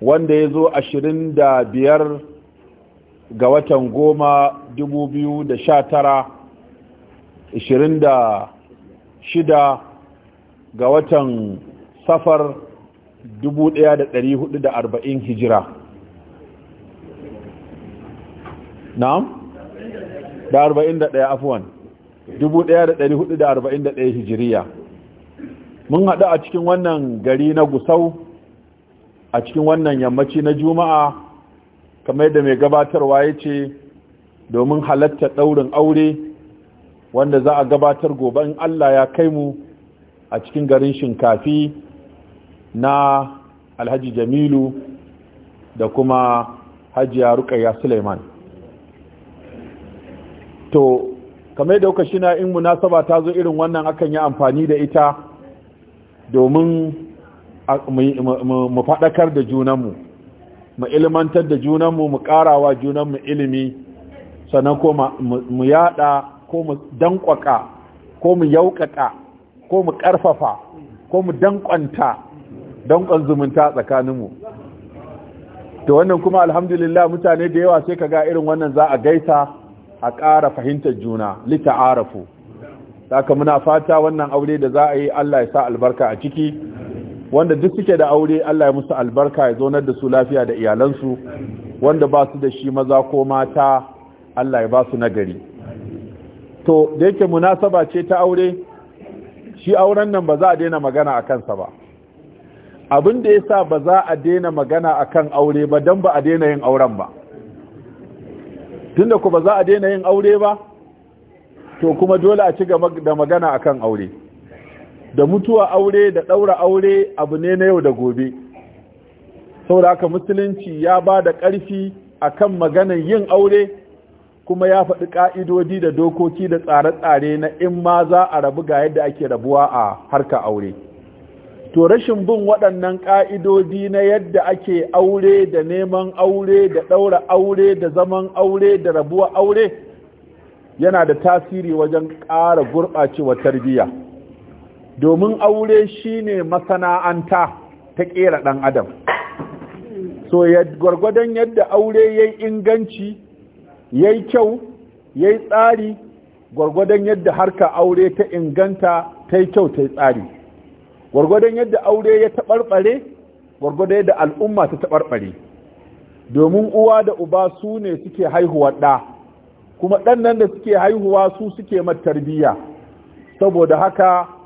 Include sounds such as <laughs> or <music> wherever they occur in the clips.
wanda ya zo ashirin da biyar ga watan goma dubu biyu da sha tara ashirin da shida ga watan safar dubu ɗaya da ɗari hudu da arba'in hijira Na? da arba'in da ɗaya afuwan dubu ɗaya da ɗari hudu da arba'in da ɗaya hijiriya mun haɗu a cikin wannan gari na gusau a cikin wannan yammaci na juma'a kamar yadda mai gabatarwa ya ce domin halatta ɗaurin aure wanda za a gabatar gobe in allah ya kai mu a cikin garin shinkafi na alhaji jamilu da kuma hajiya ya suleiman to kamar yadda kuka shina in munasaba ta zo irin wannan akan yi amfani da ita domin mu faɗakar da junanmu mu ilmantar da junanmu mu ƙarawa junanmu ilimi sannan ko mu yada ko mu danƙwaƙa ko mu yauƙaƙa ko mu ƙarfafa ko mu danƙwanta danƙon zumunta tsakaninmu to wannan kuma alhamdulillah mutane da yawa sai ka ga irin wannan za a gaisa a ƙara fahimtar juna lita'arafu saka muna fata wannan aure da za a yi Allah ya sa albarka a ciki wanda duk suke da aure Allah ya musu albarka ya zonar da su lafiya da iyalansu wanda ba su da shi maza ko mata Allah ya ba su nagari to da yake munasaba ce ta aure shi auren nan ba za a daina magana a kansa ba abin da ya sa ba za a daina magana a kan aure ba don ba a daina yin auren ba tunda ku ba za a daina yin aure ba to kuma dole a ci gaba da magana a kan aure da mutuwa aure da ɗaura aure abu ne na yau da gobe saboda haka musulunci ya ba da ƙarfi akan maganan yin aure kuma ya faɗi ƙa'idodi da dokoki da tsare-tsare na in ma za a rabu ga yadda ake rabuwa a harka aure to rashin bin waɗannan ƙa'idodi na yadda ake aure da neman aure da ɗaura aure da zaman aure da rabuwa aure yana da tasiri wajen ƙara gurɓacewa tarbiyya domin aure shine masana'anta ta kera ɗan adam so gwargwadon yadda aure ya yi inganci ya yi kyau ya yi tsari gwargwadon yadda harka aure ta inganta ta yi kyau ta yi tsari gwargwadon yadda aure ya taɓarɓare gwargwadon yadda al'umma ta taɓarɓare domin uwa da uba su ne suke haihuwa ɗa kuma ɗannan da suke haihuwa su suke tarbiyya saboda haka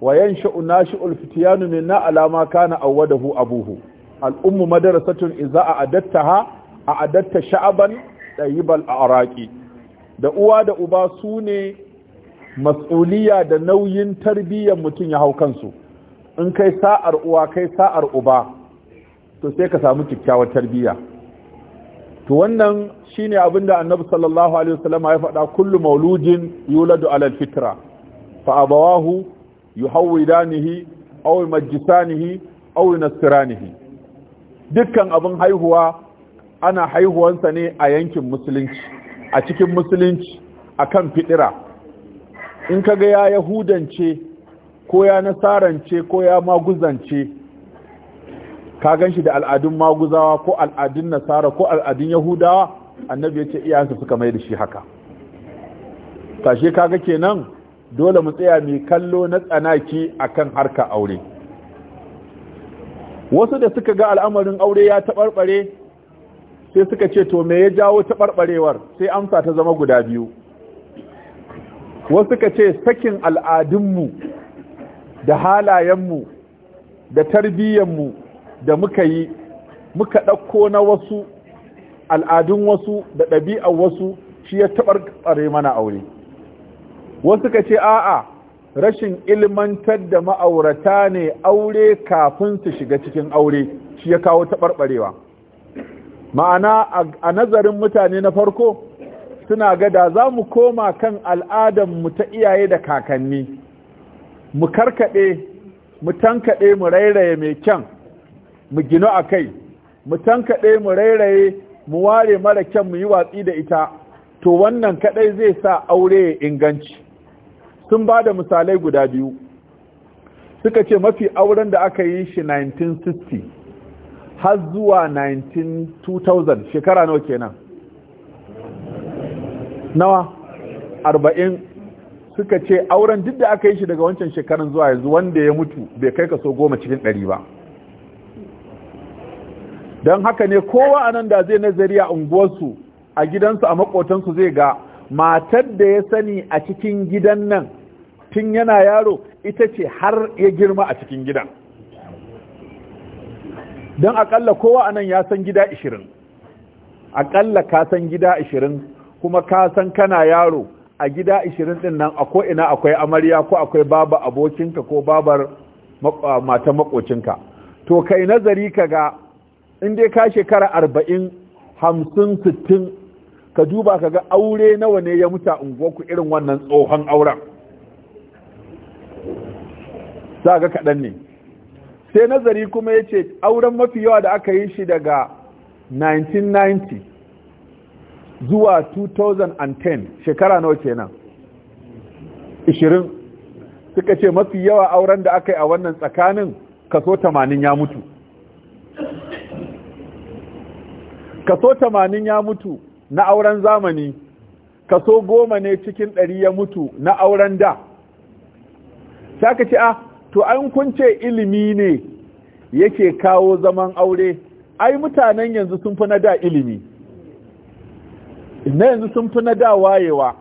wa yansha'u nashi'ul fityanu na alama kana awwadahu abuhu al'ummu madarasatun iza a adattaha a adatta sha'aban ɗayibal a araki da uwa da uba sune ne mas'uliya da nauyin tarbiyyar mutum ya hau kansu in kai sa'ar uwa kai sa'ar uba to sai ka samu kyakkyawar tarbiyya to wannan shine abin da annabi sallallahu alaihi wasallam ya faɗa kullu mauludin yuladu alal fitra fa abawahu yuhawwidanihi aw yumajjisanihi aw nasranihi dukkan abin haihuwa ana haihuwansa ne a yankin musulunci a cikin musulunci akan fiɗira. in kaga ya yahudance ko ya nasarance ko ya maguzance ka ganshi da al'adun maguzawa ko al'adun nasara ko al'adun yahudawa annabi ya ce iyayensa suka mai da shi haka tashi kaga kenan dole mu tsaya mai kallo na tsanaki a kan harka aure wasu da suka ga al'amarin aure ya taɓarɓare sai suka ce to me ya jawo taɓarɓarewar sai amsa ta zama guda biyu wasu suka ce sakin al'adunmu da halayenmu da tarbiyyanmu da muka yi muka ɗauko na wasu al'adun wasu da ɗabi'ar wasu shi ya taɓarɓare mana aure wasu ka ce a'a rashin ilmantar da ma'aurata ne aure kafin su shiga cikin aure shi ya kawo taɓarɓarewa ma'ana a nazarin mutane na farko suna gada za mu koma kan mu ta iyaye da kakanni mu karkaɗe mu tankaɗe mu rairaye mai kyan mu gino a kai mu tankaɗe mu rairaye mu ware mara kyan mu yi watsi da ita to wannan kaɗai zai sa aure ya inganci sun ba da misalai guda biyu suka ce mafi auren da aka yi shi 1960 har zuwa 2000 shekara nawa kenan nawa 40 suka ce auren duk da aka yi shi daga wancan shekarun zuwa yanzu wanda ya mutu bai kai kaso goma cikin ɗari ba don haka ne kowa anan da zai nazari a unguwarsu a gidansu a makotansu zai ga matar da ya sani a cikin gidan nan tun yana yaro ita ce har ya girma a cikin gidan don akalla kowa a nan ya san gida ishirin akalla ka san gida ishirin kuma ka san kana yaro a gida ishirin din nan a ko'ina akwai amarya ko akwai baba abokinka ko babar mata makocinka to kai nazari ka ga in dai ka shekara arba'in hamsin sittin ka duba ka ga aure nawa ne ya mutu unguwarku irin wannan tsohon auren za ga kaɗan ne sai nazari kuma ya ce auren mafi yawa da aka yi shi daga 1990 zuwa 2010 shekara nawa nan 20 suka ce mafi yawa auren da aka yi a wannan tsakanin kaso 80 ya mutu kaso 80 ya mutu na auren zamani kaso goma ne cikin ɗari ya mutu na auren da sai ka ce ah to an kunce ilimi ne yake kawo zaman aure ai mutanen yanzu sun fi na da ilimi na yanzu sun fi na da wayewa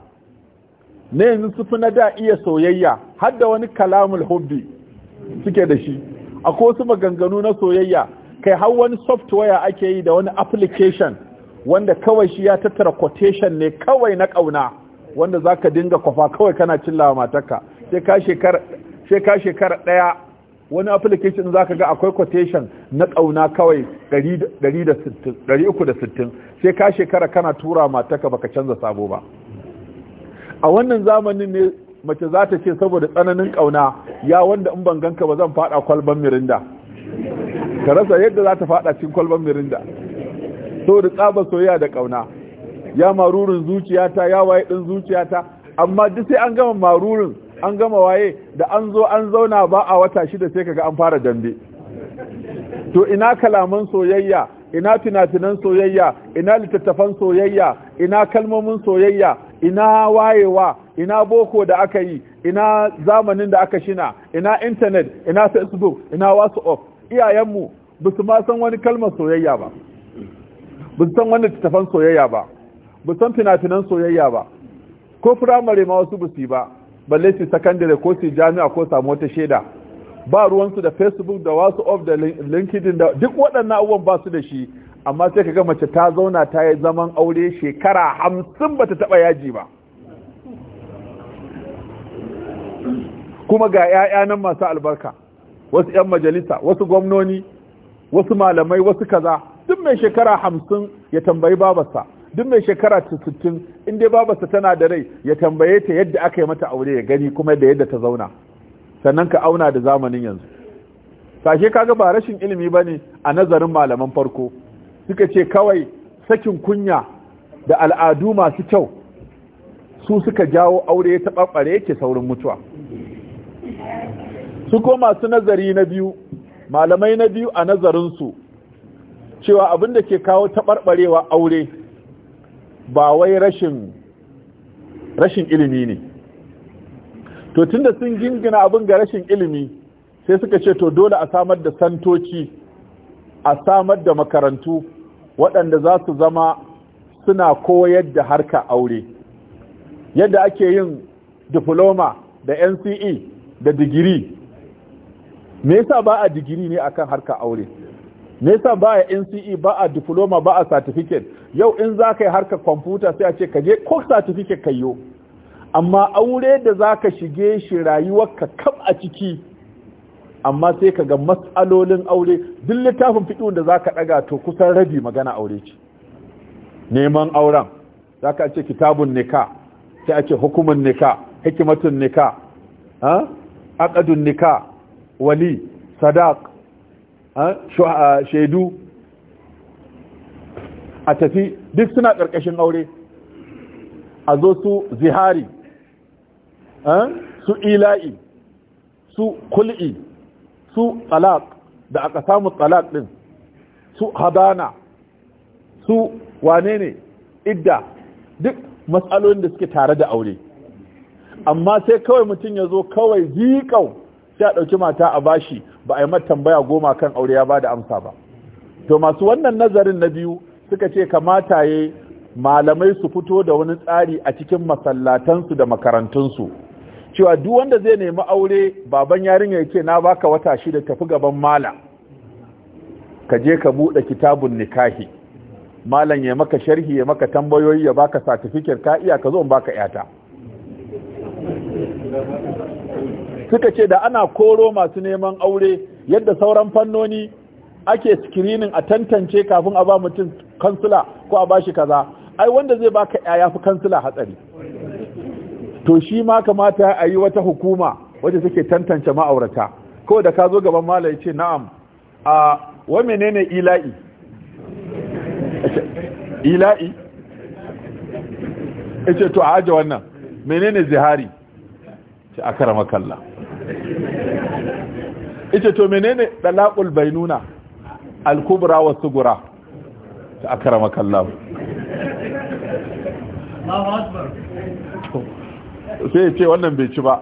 na yanzu sun fi na da iya soyayya har da wani kalamul hobbi suke da shi akwai wasu maganganu na soyayya kai har wani software ake yi da wani application wanda kawai shi ya tattara quotation ne kawai na kauna wanda zaka dinga kwafa kawai kana cillawa matarka sai ka shekara sai ka shekara daya wani application zaka ga akwai quotation na kauna kawai 360 sai ka shekara kana tura matarka baka canza sabo ba a wannan zamanin ne mace za ta ce saboda tsananin kauna ya wanda in ban ganka ba zan fada kwalban mirinda ka rasa yadda za ta fada cikin kwalban mirinda da tsaba soyayya da kauna ya marurin zuciyata ya waye din zuciyata amma duk sai an gama marurin an gama waye da an zo an zauna ba a wata shida sai kaga an fara dambe to ina kalaman soyayya ina fina-finan soyayya ina littattafan soyayya ina kalmomin soyayya ina wayewa ina boko da aka yi ina zamanin da aka shina ina intanet ina facebook ina whatsapp iyayenmu ba su ma san wani kalmar soyayya ba ba san wani tafan soyayya ba ba san fina-finan soyayya ba ko firamare ma wasu busi ba balle su sakandare ko su jami'a ko samu wata shaida ba ruwansu da facebook da wasu of da linkedin da duk waɗannan abubuwan ba su da shi amma sai ka ga mace ta zauna ta yi zaman aure shekara hamsin ba ta taɓa yaji ba kuma ga 'ya'ya nan masu albarka wasu 'yan majalisa wasu gwamnoni wasu malamai wasu kaza duk mai shekara hamsin ya tambayi babarsa duk mai shekara sittin in dai babarsa tana da rai ya tambaye ta yadda aka yi mata aure ya gani kuma da yadda ta zauna sannan ka auna da zamanin yanzu sashe kaga ba rashin ilimi ba ne a nazarin malaman farko suka ce kawai sakin kunya da al'adu masu kyau su suka jawo aure ya taɓaɓɓare yake saurin mutuwa su ko masu nazari na biyu malamai na biyu a nazarinsu cewa abin da ke kawo taɓarɓarewa aure ba wai rashin ilimi ne to tunda sun gingina abin ga rashin ilimi sai suka ce to dole a samar da santoci a samar da makarantu waɗanda za su zama suna koyar da harka aure yadda ake yin diploma da nce da digiri me yasa ba a digiri ne akan harka aure me yasa ba a NCE ba a diploma ba a certificate yau in za ka yi harkar kwamfuta sai a ce ka je ko certificate ka amma aure da za ka shige shi rayuwar ka kam a ciki amma sai ka ga matsalolin aure duk littafin fiɗin da za ka ɗaga to kusan rabi magana aure ce neman auren za ka ce kitabun nika sai ce hukumin nika hikimatun nika akadun ah, nika wali sadak. shaidu a tafi duk suna ƙarƙashin aure a zo su zihari su ila'i su kul'i su talaq da aka samu talaq ɗin su hadana su wane ne idda duk matsalolin da suke tare da aure amma sai kawai mutum ya zo kawai zikau sai a ɗauki mata a bashi ba a yi mata tambaya goma kan aure ya ba da amsa ba to masu wannan nazarin na biyu suka ce kamata ya malamai su fito da wani tsari a cikin masallatansu da makarantunsu cewa duk wanda zai nemi aure baban yarinya ya ke na baka wata shida tafi gaban mala ka je ka buɗe kitabun nikahi malam ya maka sharhi ya maka tambayoyi ya baka satifikir ka iya ka zo in baka yata suka ce da ana koro masu neman aure yadda sauran fannoni ake screening a tantance kafin a ba mutum kansila ko a bashi kaza ai wanda zai baka yaya fi kansila hatsari to shi ma kamata a yi wata hukuma wadda suke tantance ma'aurata ko da ka zo gaban mala ya ce na'am a wa menene ila'i ila'i ya to a aje wannan menene zihari ce a karamakalla ita to menene dalaqul bainuna al-kubra wa sughra ta akramaka Allah sai ce wannan bai ci ba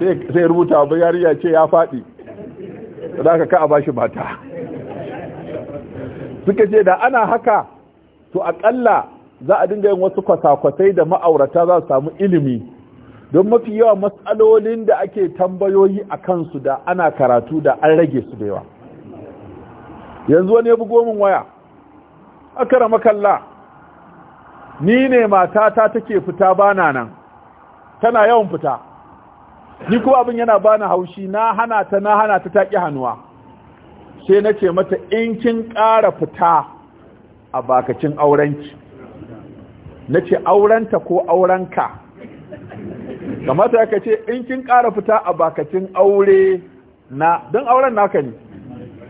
sai rubuta ba yariya ce ya faɗi za ka ka a bashi mata suka ce da ana haka to akalla za a dinga yin wasu kwasa-kwasai da ma'aurata za su samu ilimi don mafi yawa matsalolin da ake tambayoyi a kansu da ana karatu da an rage su da yawa yanzu wani ya bugo min waya rama makalla ni ne matata take fita bana nan tana yawan fita ni kuma abin yana bani haushi na hana ta na hana ta taƙi hannuwa sai na ce mata in kin ƙara fita a bakacin aurenki na ce aurenta ko aurenka kamata ka ce in kin ƙara fita a bakacin aure na don auren naka ne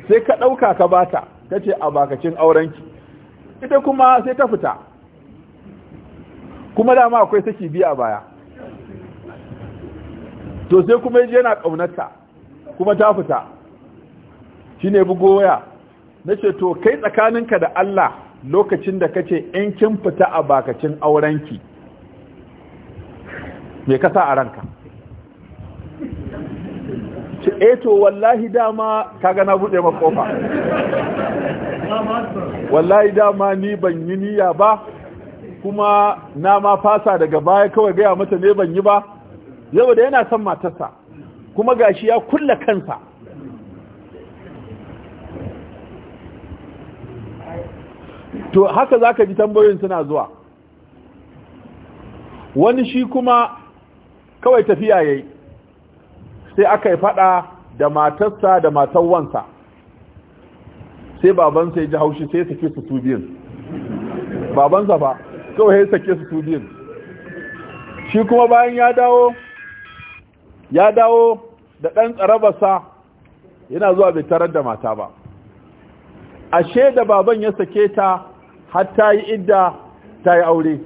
sai ka ɗauka ka bata ta ce a bakacin aurenki ita kuma sai ta fita kuma dama akwai saki biya baya to sai kuma yi yana ƙaunarta kuma ta fita shi ne bugoya na ce to kai tsakaninka da Allah lokacin da kace in kin fita a bakacin aurenki me kasa a ranka ce eh to wallahi dama kaga na bude ma kofa wallahi dama ni ban yi niyya ba kuma na ma fasa daga baya kawai gaya mata ne ban yi ba yau da yana son matarsa kuma gashi ya kulla kansa to haka zaka ji tambayoyin suna zuwa wani shi kuma kawai tafiya yayi sai aka yi fada da matarsa da matar wansa sai baban sai ji haushi sai sake su su biyun babansa fa kawai sai sake su su biyun shi kuma bayan ya dawo ya dawo da ɗan tsarabarsa yana zuwa bai tarar da mata ba ashe da baban ya sake ta har ta yi idda ta yi aure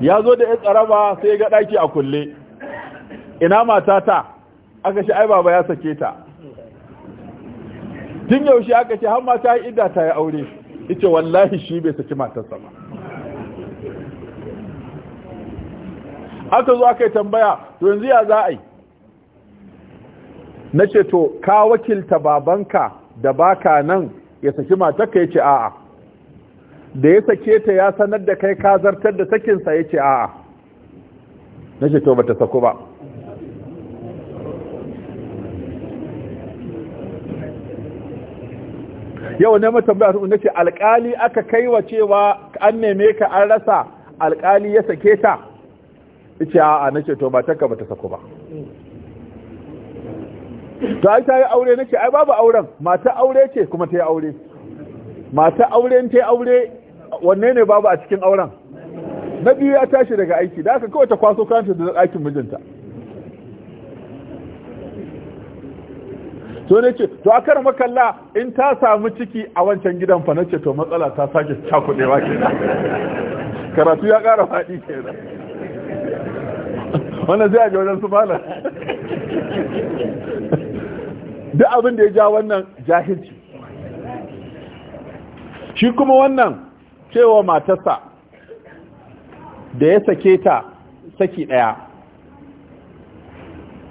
ya zo da ya tsaraba sai ga ɗaki a kulle ina matata aka shi ai baba ya sake ta tun yaushe aka ce har mata yi idda ta yi aure ita wallahi shi bai saki matarsa ba aka zo aka yi tambaya to yanzu ya za a yi na ce to ka wakilta babanka da baka nan ya saki matarka ya ce a'a da ya sake ta ya sanar da kai ka zartar da sakinsa ya ce a'a na ce to ba ta sako ba yau na ba su nace ce alkali aka kaiwa cewa an neme ka an rasa alkali ya sake ta ce a'a na ce to ba taka ba ta sako ba to ai ta yi aure na ce ai babu auren mata aure ce kuma ta yi aure mata auren ta yi aure wanne ne babu a cikin auren na biyu ya tashi daga aiki da aka kawai ta kwaso kanta da aikin mijinta to ne ce to a kar makalla in ta samu ciki a wancan gidan fa nace to matsala ta sake cakudewa kenan karatu ya ƙara faɗi kenan wannan zai a ga wajen su malam duk abin da ya ja wannan jahilci shi kuma wannan cewa matarsa da ya sake ta saki ɗaya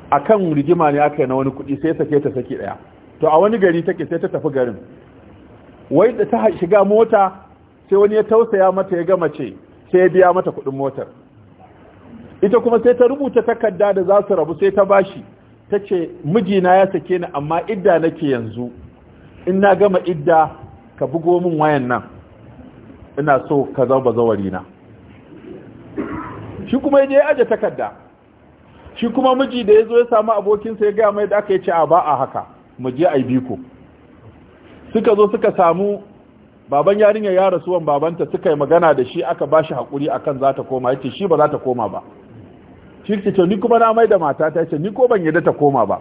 a kan rigima ne aka yi na wani kuɗi sai ya sake ta saki ɗaya to a wani gari take sai ta tafi garin wai da ta shiga mota sai wani ya tausaya mata ya gama ce sai ya biya mata kuɗin motar ita kuma sai ta rubuta takarda da za su rabu sai ta bashi ta ce mijina ya sake ni amma idda nake yanzu in na gama idda ka bugo min wayan nan ina so ka zama zawari na shi kuma ya aje takarda shi kuma miji da ya zo ya samu abokinsa ya gaya mai da aka yi ce a ba a haka mu je a biko suka zo suka samu baban yarinya ya rasuwan babanta suka yi magana da shi aka bashi hakuri akan za ta koma yace shi ba za ta koma ba shi ce ni kuma na mai da mata ta ce ni ko ban yadda ta koma ba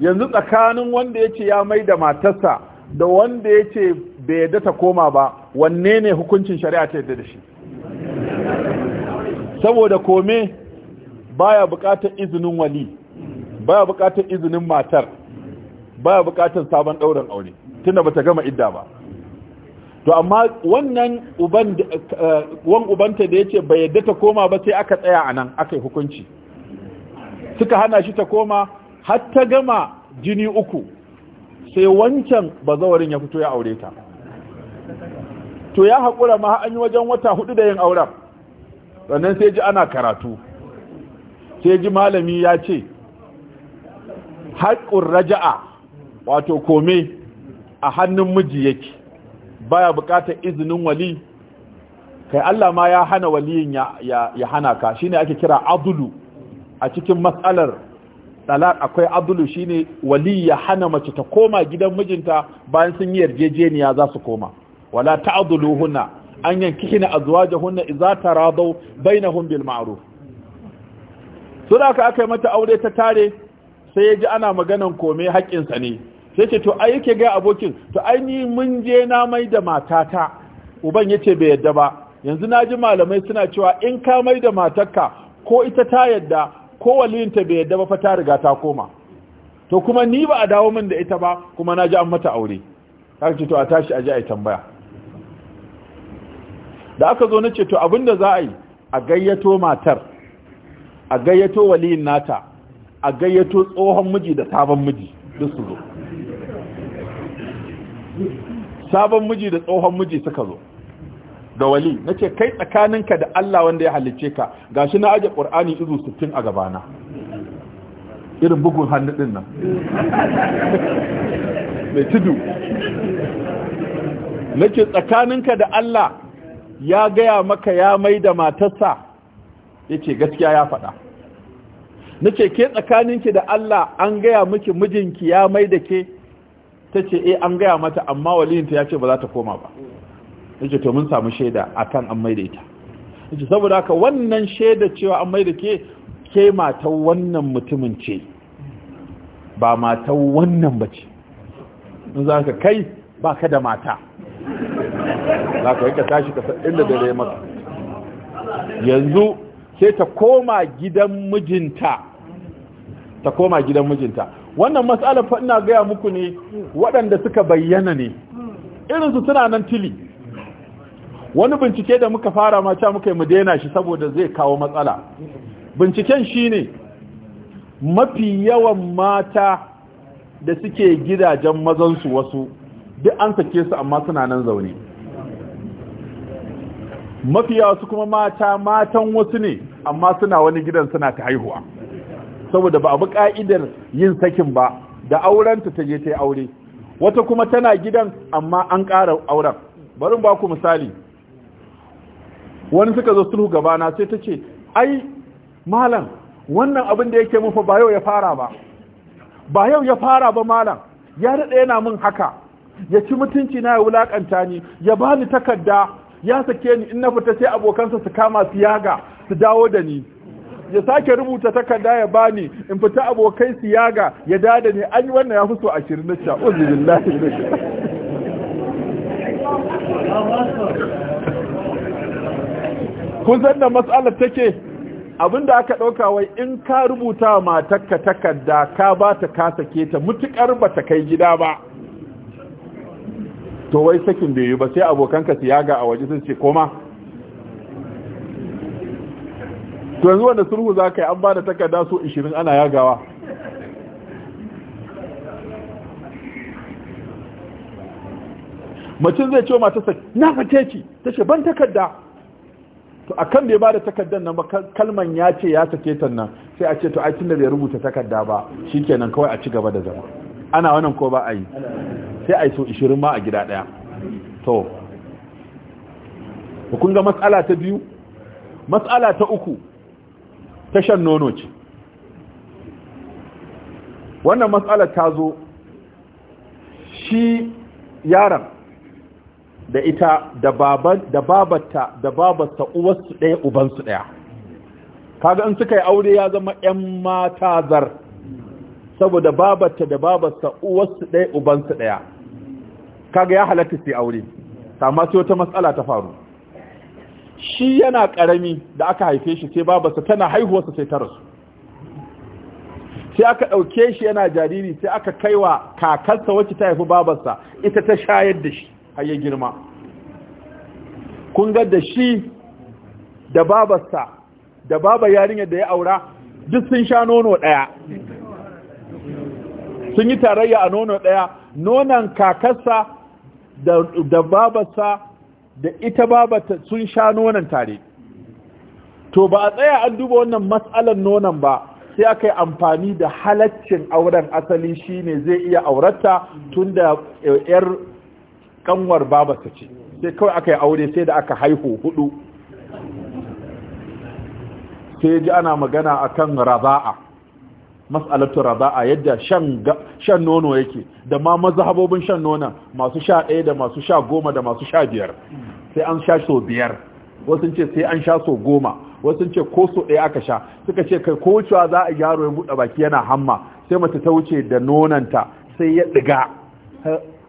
yanzu tsakanin wanda yace ya mai da matarsa da wanda yace bai yadda ta koma ba wanne ne hukuncin shari'a ta yadda da shi saboda kome baya bukatar izinin wali baya bukatar izinin matar baya bukatar sabon ɗaurin aure tunda bata gama idda ba to amma wannan uban eh, wan ubanta da yace bai yadda ta koma ba sai aka tsaya anan aka yi hukunci suka hana shi ta koma har ta gama jini uku sai wancan bazawarin ya fito ya aure ta to ya haƙura ma an yi wajen wata hudu da yin auren sannan sai ji ana karatu sai ji malami ya ce haƙƙun raja'a wato kome a hannun miji yake baya buƙatar izinin wali kai Allah ma ya hana waliyin ya, hana ka shine ake kira abdulu a cikin matsalar talak akwai abdulu shine wali ya hana mace ta koma gidan mijinta bayan sun yi yarjejeniya za su koma wala hunna, an yankihina azwajahunna idza taradaw bainahum bil ma'ruf sura ka aka mata aure ta tare sai yaji ana maganan kome haƙƙin sa ne sai ce to ai yake ga abokin to ai ni mun je na mai da matata uban yace bai yadda ba yanzu naji malamai suna cewa in ka mai da matarka ko ita ta yadda ko ta bai yadda ba fa ta riga ta koma to kuma ni ba a dawo min da ita ba kuma na ji an mata aure haka ce to a tashi a ji a yi tambaya da aka zo na ce to abinda za a yi a gayyato matar a gayyato waliyin nata a gayyato tsohon miji da sabon miji duk su zo sabon miji da tsohon miji suka zo da wali na ce kai tsakaninka da Allah wanda ya halicce ka gashi na aje ƙur'ani izu 60 a gabana irin bugun hannu ɗin nan <laughs> mai tudu na ce tsakaninka da Allah ya gaya maka ya mai da matarsa ya ce gaskiya ya faɗa na ce ke tsakaninki da Allah an gaya miki mijinki ya mai da ke ta ce e an gaya mata amma walinta ya ce ba za ta koma ba ya ce to mun samu shaida a kan an mai da ita ya saboda haka wannan shaida cewa an mai da ke ke mata wannan mutumin ce ba mata wannan ba ce ka kai ba ka da mata za ka yanka tashi ka inda dare maka yanzu sai ta koma gidan mijinta ta koma gidan mijinta wannan matsalar faɗina gaya muku ne waɗanda suka bayyana ne irinsu suna nan tili wani bincike da muka fara mata muka yi mu daina shi saboda zai kawo matsala binciken shi ne mafi yawan mata da suke gidajen mazansu wasu duk an sake su amma suna nan zaune mafiya su kuma mata matan wasu ne amma suna wani gidan suna ta haihuwa saboda ba abu ka'idar yin sakin ba da aurenta ta je ta yi aure wata kuma tana gidan amma an ƙara auren barin ba ku misali wani suka zo sulhu gabana sai ta ce ai malam wannan abin da yake mufa ba yau ya fara ba ba yau ya fara ba malam ya daɗe yana min haka ya ci mutunci na ya wulakanta ni ya bani takarda ya sake ni in na fita sai abokansa su kama su yaga su dawo da ni ya sake rubuta takarda ya bani in fita abokai su yaga ya da ni an yi wannan ya fi so a ashirin na sha kun san da matsalar take da aka ɗauka wai in ka rubuta matakka takarda ka ba ta ka sake ta mutukar ba ta kai gida ba to wai sakin bai yi ba sai abokanka su yaga a waje sun ce koma to yanzu wanda sulhu za ka yi an ba da takarda so 20 ana yagawa macin zai ce matasa na fate ki ta ce ban takarda to kan bai ba da takardar nan ba kalman ya ce ya sake ta nan sai a ce to aikin da bai rubuta takarda ba shi kenan kawai a ci gaba da zama ana wannan ko ba a yi sai a yi so 20 ma a gida ɗaya. to kun ga matsala ta biyu matsala ta uku ta shan nono ce wannan matsala ta zo shi yaron da ita da babata da su uwarsu ɗaya ubansu ɗaya kaga in suka yi aure ya zama 'yan mata zar saboda babarta da babata uwarsu ɗaya ubansu ɗaya kaga ya halatta sai aure amma sai wata matsala ta faru shi yana karami da aka haife shi sai babarsa tana haihuwarsa sai ta rasu sai aka ɗauke shi yana jariri sai aka kaiwa kakarsa wacce ta haifi babarsa ita ta shayar da shi har ya girma kun ga da shi da babarsa da baba yarinyar da ya aura duk sun sha nono ɗaya sun yi tarayya a nono ɗaya nonon kakarsa da babarsa da ita babata sun sha nonon tare to ba a tsaya an duba wannan matsalan nonon ba sai aka yi amfani da halaccin auren asali shi ne zai iya aurata tun da yar ƙanwar babasa ce sai kawai aka yi aure sai da aka haihu hudu sai ji ana magana a kan raba'a mas'alatu raba'a yadda shan shan nono yake da ma mazhabobin shan nona masu sha ɗaya da masu sha goma da masu sha biyar sai an sha so biyar wasu ce sai an sha so goma wasu ce ko so ɗaya aka sha suka ce kai ko wucewa za a gyaro ya buɗe baki yana hamma sai mace ta wuce da nonanta sai ya ɗiga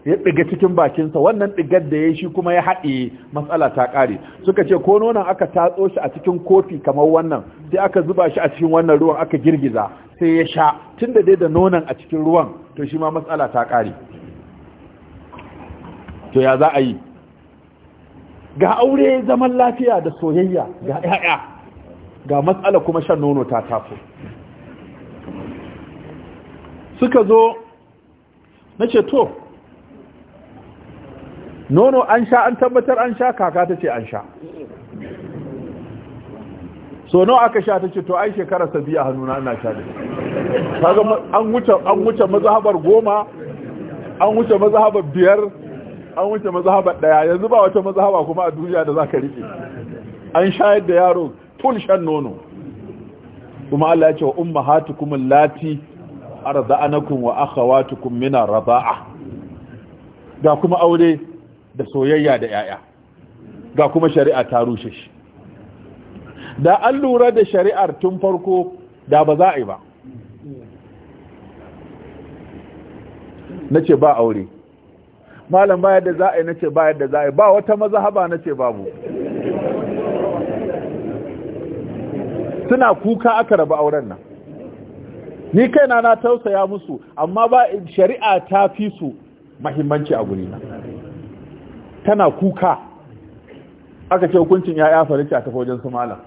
ya ɗiga cikin bakinsa wannan ɗigar da ya shi kuma ya haɗe matsala ta ƙare suka ce ko nonon aka tatso shi a cikin kofi kamar wannan sai aka zuba shi a cikin wannan ruwan aka girgiza sai ya sha tun da dai da nonon a cikin ruwan to shi ma matsala ta ƙare to ya za a yi ga aure zaman lafiya da soyayya ga 'ya'ya ga matsala kuma shan nono ta taso suka zo na ce to nono an sha an tabbatar an sha kaka ta ce an sha so nawa aka sha ta ce to ai shekara sabiya hannuna ana sha da kaga an wuce an wuce mazhabar goma an wuce mazhabar biyar an wuce mazhabar daya yanzu ba wata mazhaba kuma a duniya da za ka rike an sha yadda yaro tun shan nono kuma Allah ya ce wa ummahatukum allati arza'anakum wa akhawatukum mina raba'a, ga kuma aure da soyayya da ‘ya'ya ga kuma shari'a ta rushe shi da an lura da shari'ar tun farko da ba za a yi ba na ce ba aure malam ba yadda za a yi na ce ba yadda za a yi ba wata mazahaba na ce babu suna kuka aka raba auren nan ni kaina na tausaya musu amma ba shari'a ta fi su mahimmanci a na. tana kuka aka ce hukuncin ya'ya farce a tafi wajen su malam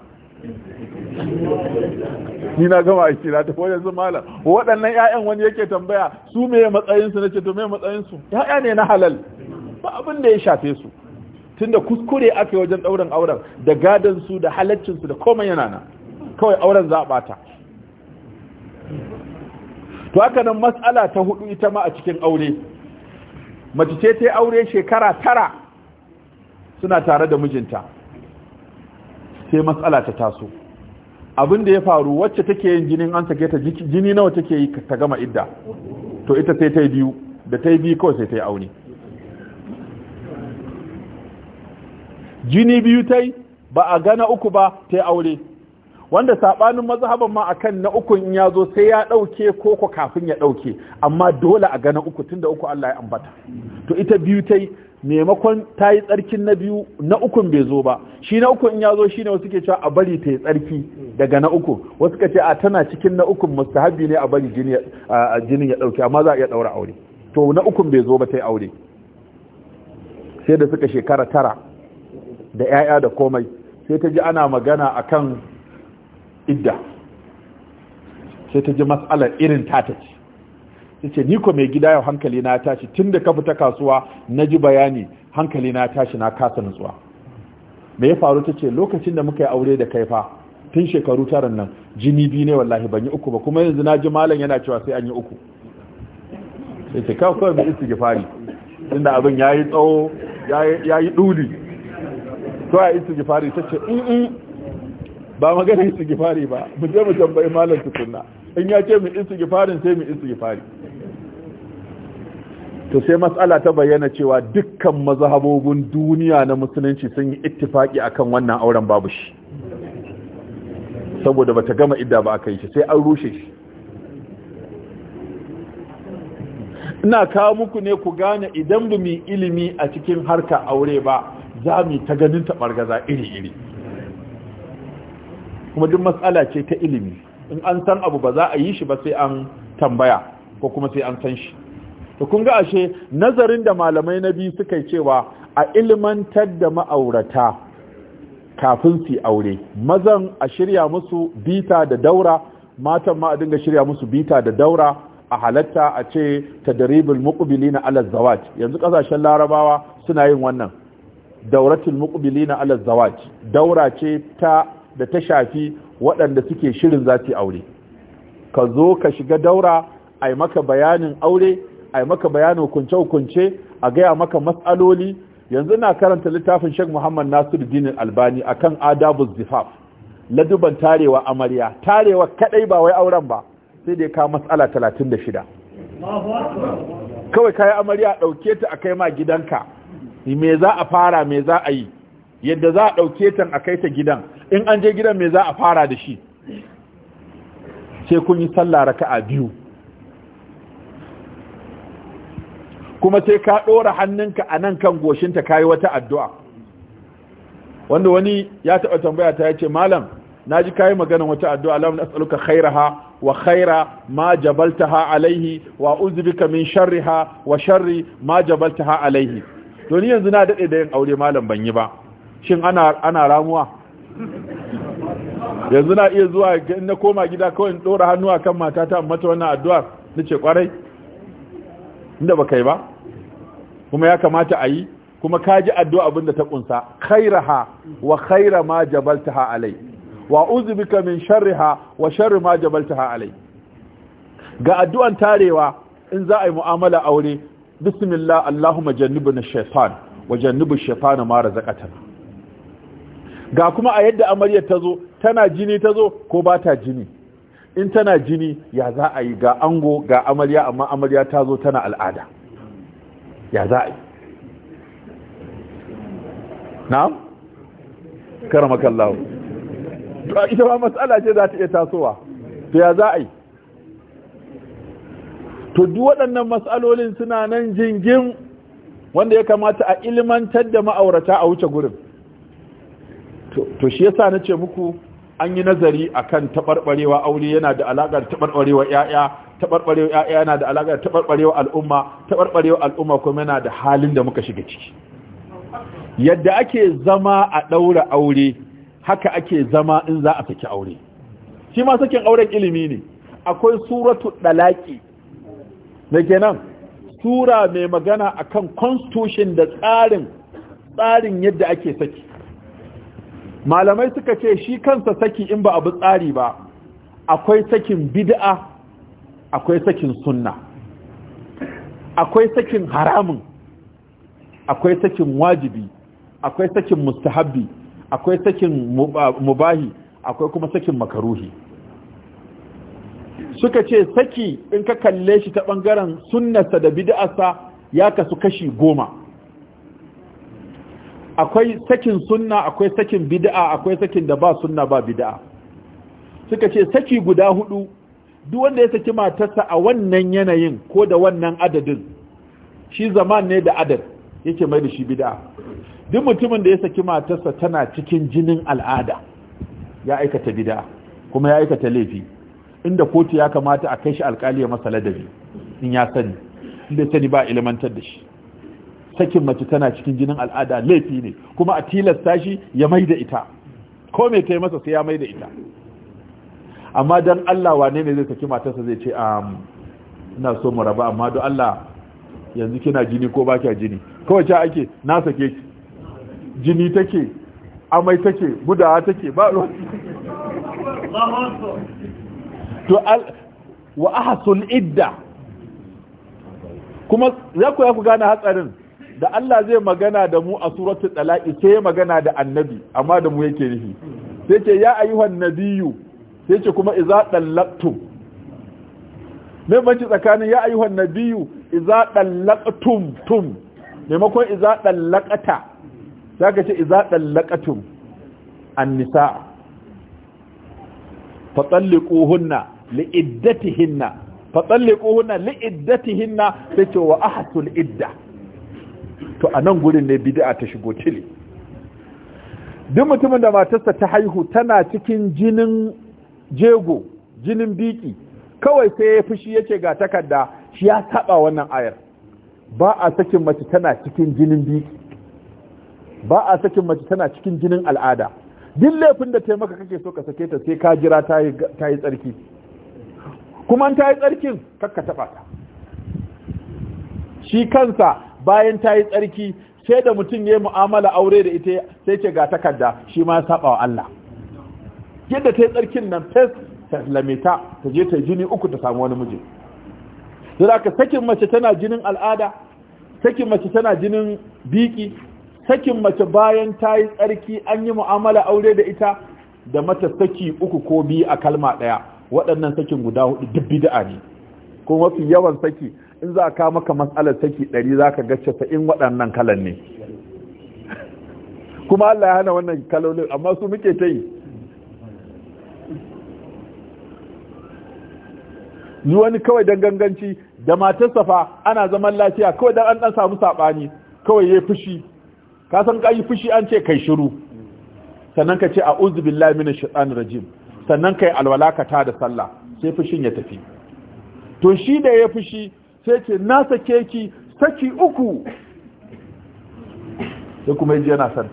ni na gama aiki na tafi wajen su malam waɗannan ya'yan wani yake tambaya su me matsayin su ce to me matsayin ya'ya ne na halal ba abin da ya shafe su tunda kuskure aka yi wajen ɗaurin auren da gadon su da halaccin da komai yana na kawai auren za a bata to haka nan matsala ta hudu ita ma a cikin aure mace ce ta aure shekara tara suna tare da mijinta sai matsala ta taso abin da ya faru wacce take yin jinin an sake ta jini nawa take yi ta gama idda to ita sai ta yi biyu da ta yi biyu kawai sai ta yi aure jini biyu ta ba a gana uku ba ta yi aure wanda sabanin mazhaban ma akan na uku in ya zo sai ya ɗauke koko kafin ya ɗauke, amma dole a gana uku tunda uku Allah ya ambata to ita biyu tai maimakon ta yi tsarkin na biyu na ukun bai zo ba shi na ukun in ya zo shi ne wasu ke cewa a bari ta yi tsarki daga na uku wasu ka ce a tana cikin na ukun habi ne a bari jinin ya ɗauki amma za a iya ɗaura aure to na ukun bai zo ba ta yi aure sai da suka shekara tara da 'ya'ya da komai sai ta ji ana magana a kan idda sai ta ji matsalar irin tata ce ce ni ko mai gida yau hankali na tashi tunda ka fita kasuwa na ji bayani hankali na tashi na kasa nutsuwa me ya faru ta ce lokacin da muka yi aure da kai fa tun shekaru taron nan jini biyu ne wallahi ban yi uku ba kuma yanzu na ji malam yana cewa sai an yi uku sai ce kawai kawai mai istighfari inda abin ya yi tsawo ya yi duli to a istighfari ta ce in mm, mm. ba magana istighfari ba mu je mu tambayi malam tukunna in ya ce mu istighfarin sai mu istighfari to sai matsala ta bayyana cewa dukkan mazhabobin duniya na musulunci sun yi ittifaki akan wannan auren babu shi saboda bata gama idda ba aka yi shi sai an rushe shi ina kawo muku ne ku gane idan ba mu ilimi a cikin harka aure ba za mu ta ganin taɓargaza iri-iri kuma duk matsala ce ta ilimi in an san abu ba za a yi shi ba sai an tambaya ko kuma sai an san shi to kun ga ashe nazarin da malamai na biyu suka yi cewa a ilmantar da ma'aurata kafin su aure mazan a shirya musu bita da daura matan ma a dinga shirya musu bita da daura a halatta a ce tadribul muqbilina ala zawaj yanzu ƙasashen larabawa suna yin wannan dauratul muqbilina ala zawaj daura ce ta da ta shafi waɗanda suke shirin za aure ka zo ka shiga daura ai maka bayanin aure a maka bayanin hukunce-hukunce a gaya maka matsaloli yanzu na karanta littafin Sheikh Muhammad Nasiru Dinin Albani akan adabus zifaf laduban tarewa amarya tarewa kadai ba wai auren ba sai da ya kawo matsala 36 kawai kayi amarya dauke ta akai ma gidanka me za a fara me za a yi yadda za a dauke ta akai ta gidan in an je gidan me za a fara da shi sai kun yi sallah raka'a biyu kuma sai ka ɗora hannunka a nan kan goshinta ka yi wata addu'a wanda wani ya taɓa tambaya ta ya ce malam na ji ka kayi maganin wata addu'a Alamun na tsaluka khairaha wa khaira ma ha alaihi wa uzubika min ha wa sharri ma ha alaihi to ni yanzu na daɗe da yin aure malam ban yi ba shin ana ramuwa yanzu na iya zuwa in na koma gida kawai in ɗora hannu akan matata amma ta wannan addu'ar Ni ce kwarai inda ba kai ba kuma ya kamata a yi kuma ka ji addu'a abinda da ta kunsa khairaha wa khaira ma jabaltaha alai wa uzubika min sharriha wa sharri ma jabaltaha alai ga addu'an tarewa in za a yi mu'amala aure bismillah allahumma jannibna shaitan wa jannibu shaitana ma razaqatana ga kuma a yadda amaryar tazo tana jini ta zo ko ba ta jini in tana jini ya za a yi ga ango ga amarya amma amarya ta zo tana al'ada ya za a yi na'am karamakallahu ita ba matsala ce za ta iya tasowa to ya za a yi to duk waɗannan matsalolin suna nan jingin wanda ya kamata a ilmantar da ma'aurata a wuce gurin to shi yasa na ce muku an yi nazari a kan taɓarɓarewa aure yana da alaƙar taɓarɓarewa ƴaƴa taɓarɓarewa ƴaƴa yana da alaƙar taɓarɓarewa al'umma taɓarɓarewa al'umma kuma yana da halin da muka shiga ciki yadda ake zama a ɗaura aure haka ake zama in za a saki aure shi ma sakin auren ilimi ne akwai suratu ɗalaƙi da kenan sura mai magana akan constitution da tsarin tsarin yadda ake saki malamai suka ce shi kansa saki in ba abu tsari ba akwai sakin bid'a akwai sakin sunna akwai sakin haramun akwai sakin wajibi akwai sakin mustahabbi akwai sakin mubahi akwai kuma sakin makaruhi suka ce saki in ka kalle shi ta bangaren sunnarsa da bid'arsa ya kasu kashi goma akwai sakin sunna akwai sakin bid'a akwai sakin da ba sunna ba bid'a suka ce saki guda hudu duk wanda ya saki matarsa a wannan yanayin ko da wannan adadin shi zaman ne da adad yake mai da shi bid'a duk mutumin da ya saki matarsa tana cikin jinin al'ada ya aikata bid'a kuma ya aikata laifi inda kotu ya kamata a kai shi alƙali ya masa ladabi in ya sani inda sani ba ilmantar da shi sakin mace tana cikin jinin al'ada laifi ne kuma a tilasta shi ya mai da ita ko mai ta masa sai ya mai da ita amma dan Allah wane ne zai saki matarsa zai ce ina so mu raba amma don Allah yanzu kina jini ko ba kya jini kawai ta ake na sake ki jini take amai take gudawa take ba to al wa ahsul idda kuma za ya ku gane hatsarin da Allah zai magana da mu a suratu tala'i sai ya magana da annabi amma da mu yake nufi sai ce ya ayyuhan nabiyyu sai ce kuma idza dallaqtum me banci tsakanin ya ayyuhan nabiyyu idza dallaqtum tum maimakon idza dallaqata zaka ce idza dallaqatum an-nisa fatalliquhunna li'iddatihinna fatalliquhunna li'iddatihinna sai ce wa ahsul iddah to a nan gurin ne bid'a ta shigo cili duk mutumin da matarsa ta haihu tana cikin jinin jego jinin biki kawai sai ya fushi yake ga takarda shi ya taba wannan ayar ba a sakin mace tana cikin jinin biki ba a sakin mace tana cikin jinin al'ada duk laifin da taimaka kake so ka sake ta sai ka jira ta yi tsarki kuma ta yi tsarkin kakka taɓa ta shi kansa bayan ta yi tsarki sai da mutum ya yi mu'amala aure da ita sai ce ga takarda shi ma saba wa Allah yadda ta yi tsarkin nan fes ta lamita ta je ta jini uku ta samu wani miji sai ka sakin mace tana jinin al'ada sakin mace tana jinin biki sakin mace bayan ta yi tsarki an yi mu'amala aure da ita da mata saki uku ko biyu a kalma ɗaya waɗannan sakin guda hudu duk bid'a ne ko mafi yawan saki in za a ka maka matsalar saki ɗari za ka gace ta in waɗannan kalan ne kuma Allah ya hana wannan kalolin amma su muke ta yi wani kawai don ganganci da matarsa fa ana zaman lafiya kawai don an ɗan samu saɓani kawai ya fushi ka san ka yi fushi an ce kai shiru sannan ka ce a uzubin lamina shaɗan rajim sannan ka yi alwala ka ta da sallah sai fushin ya tafi to shi da ya fushi sai ce na sake ki saki uku sai kuma yaji yana san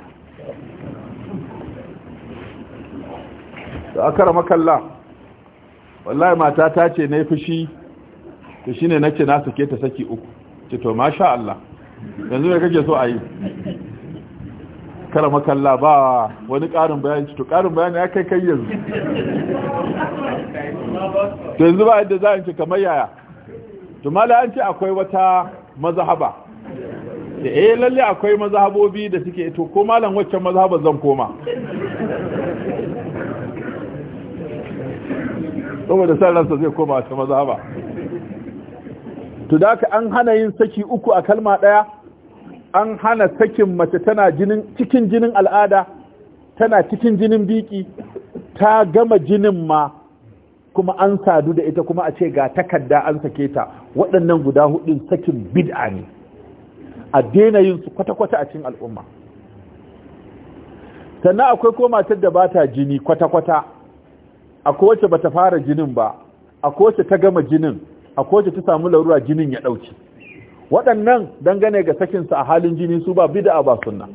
da akara makalla wallahi mata ta ce na yi fushi to shi ne na sake ta saki uku ce to masha Allah yanzu ne kake so a yi kara makalla ba wani ƙarin bayani to ƙarin bayan ya kai kai yanzu yanzu ba yadda za a yi kamar yaya to mala an ce akwai wata mazhaba da eh lalle akwai mazhabobi da suke to ko malam waccan mazhaban zan koma saboda san ransa zai koma wata mazhaba to daka an hana yin saki uku a kalma daya an hana sakin mace tana jinin cikin jinin al'ada tana cikin jinin biki ta gama jinin ma kuma an sadu da ita kuma a ce ga takarda an sake ta waɗannan guda hudun sakin bid'a ne a daina yin su kwata-kwata a cikin al'umma sannan akwai ko matar da bata jini kwata-kwata akwai wacce bata fara jinin ba a wacce ta gama jinin a wacce ta samu larura jinin ya ɗauki waɗannan dangane ga sakinsa a halin jini su ba bid'a ba sunna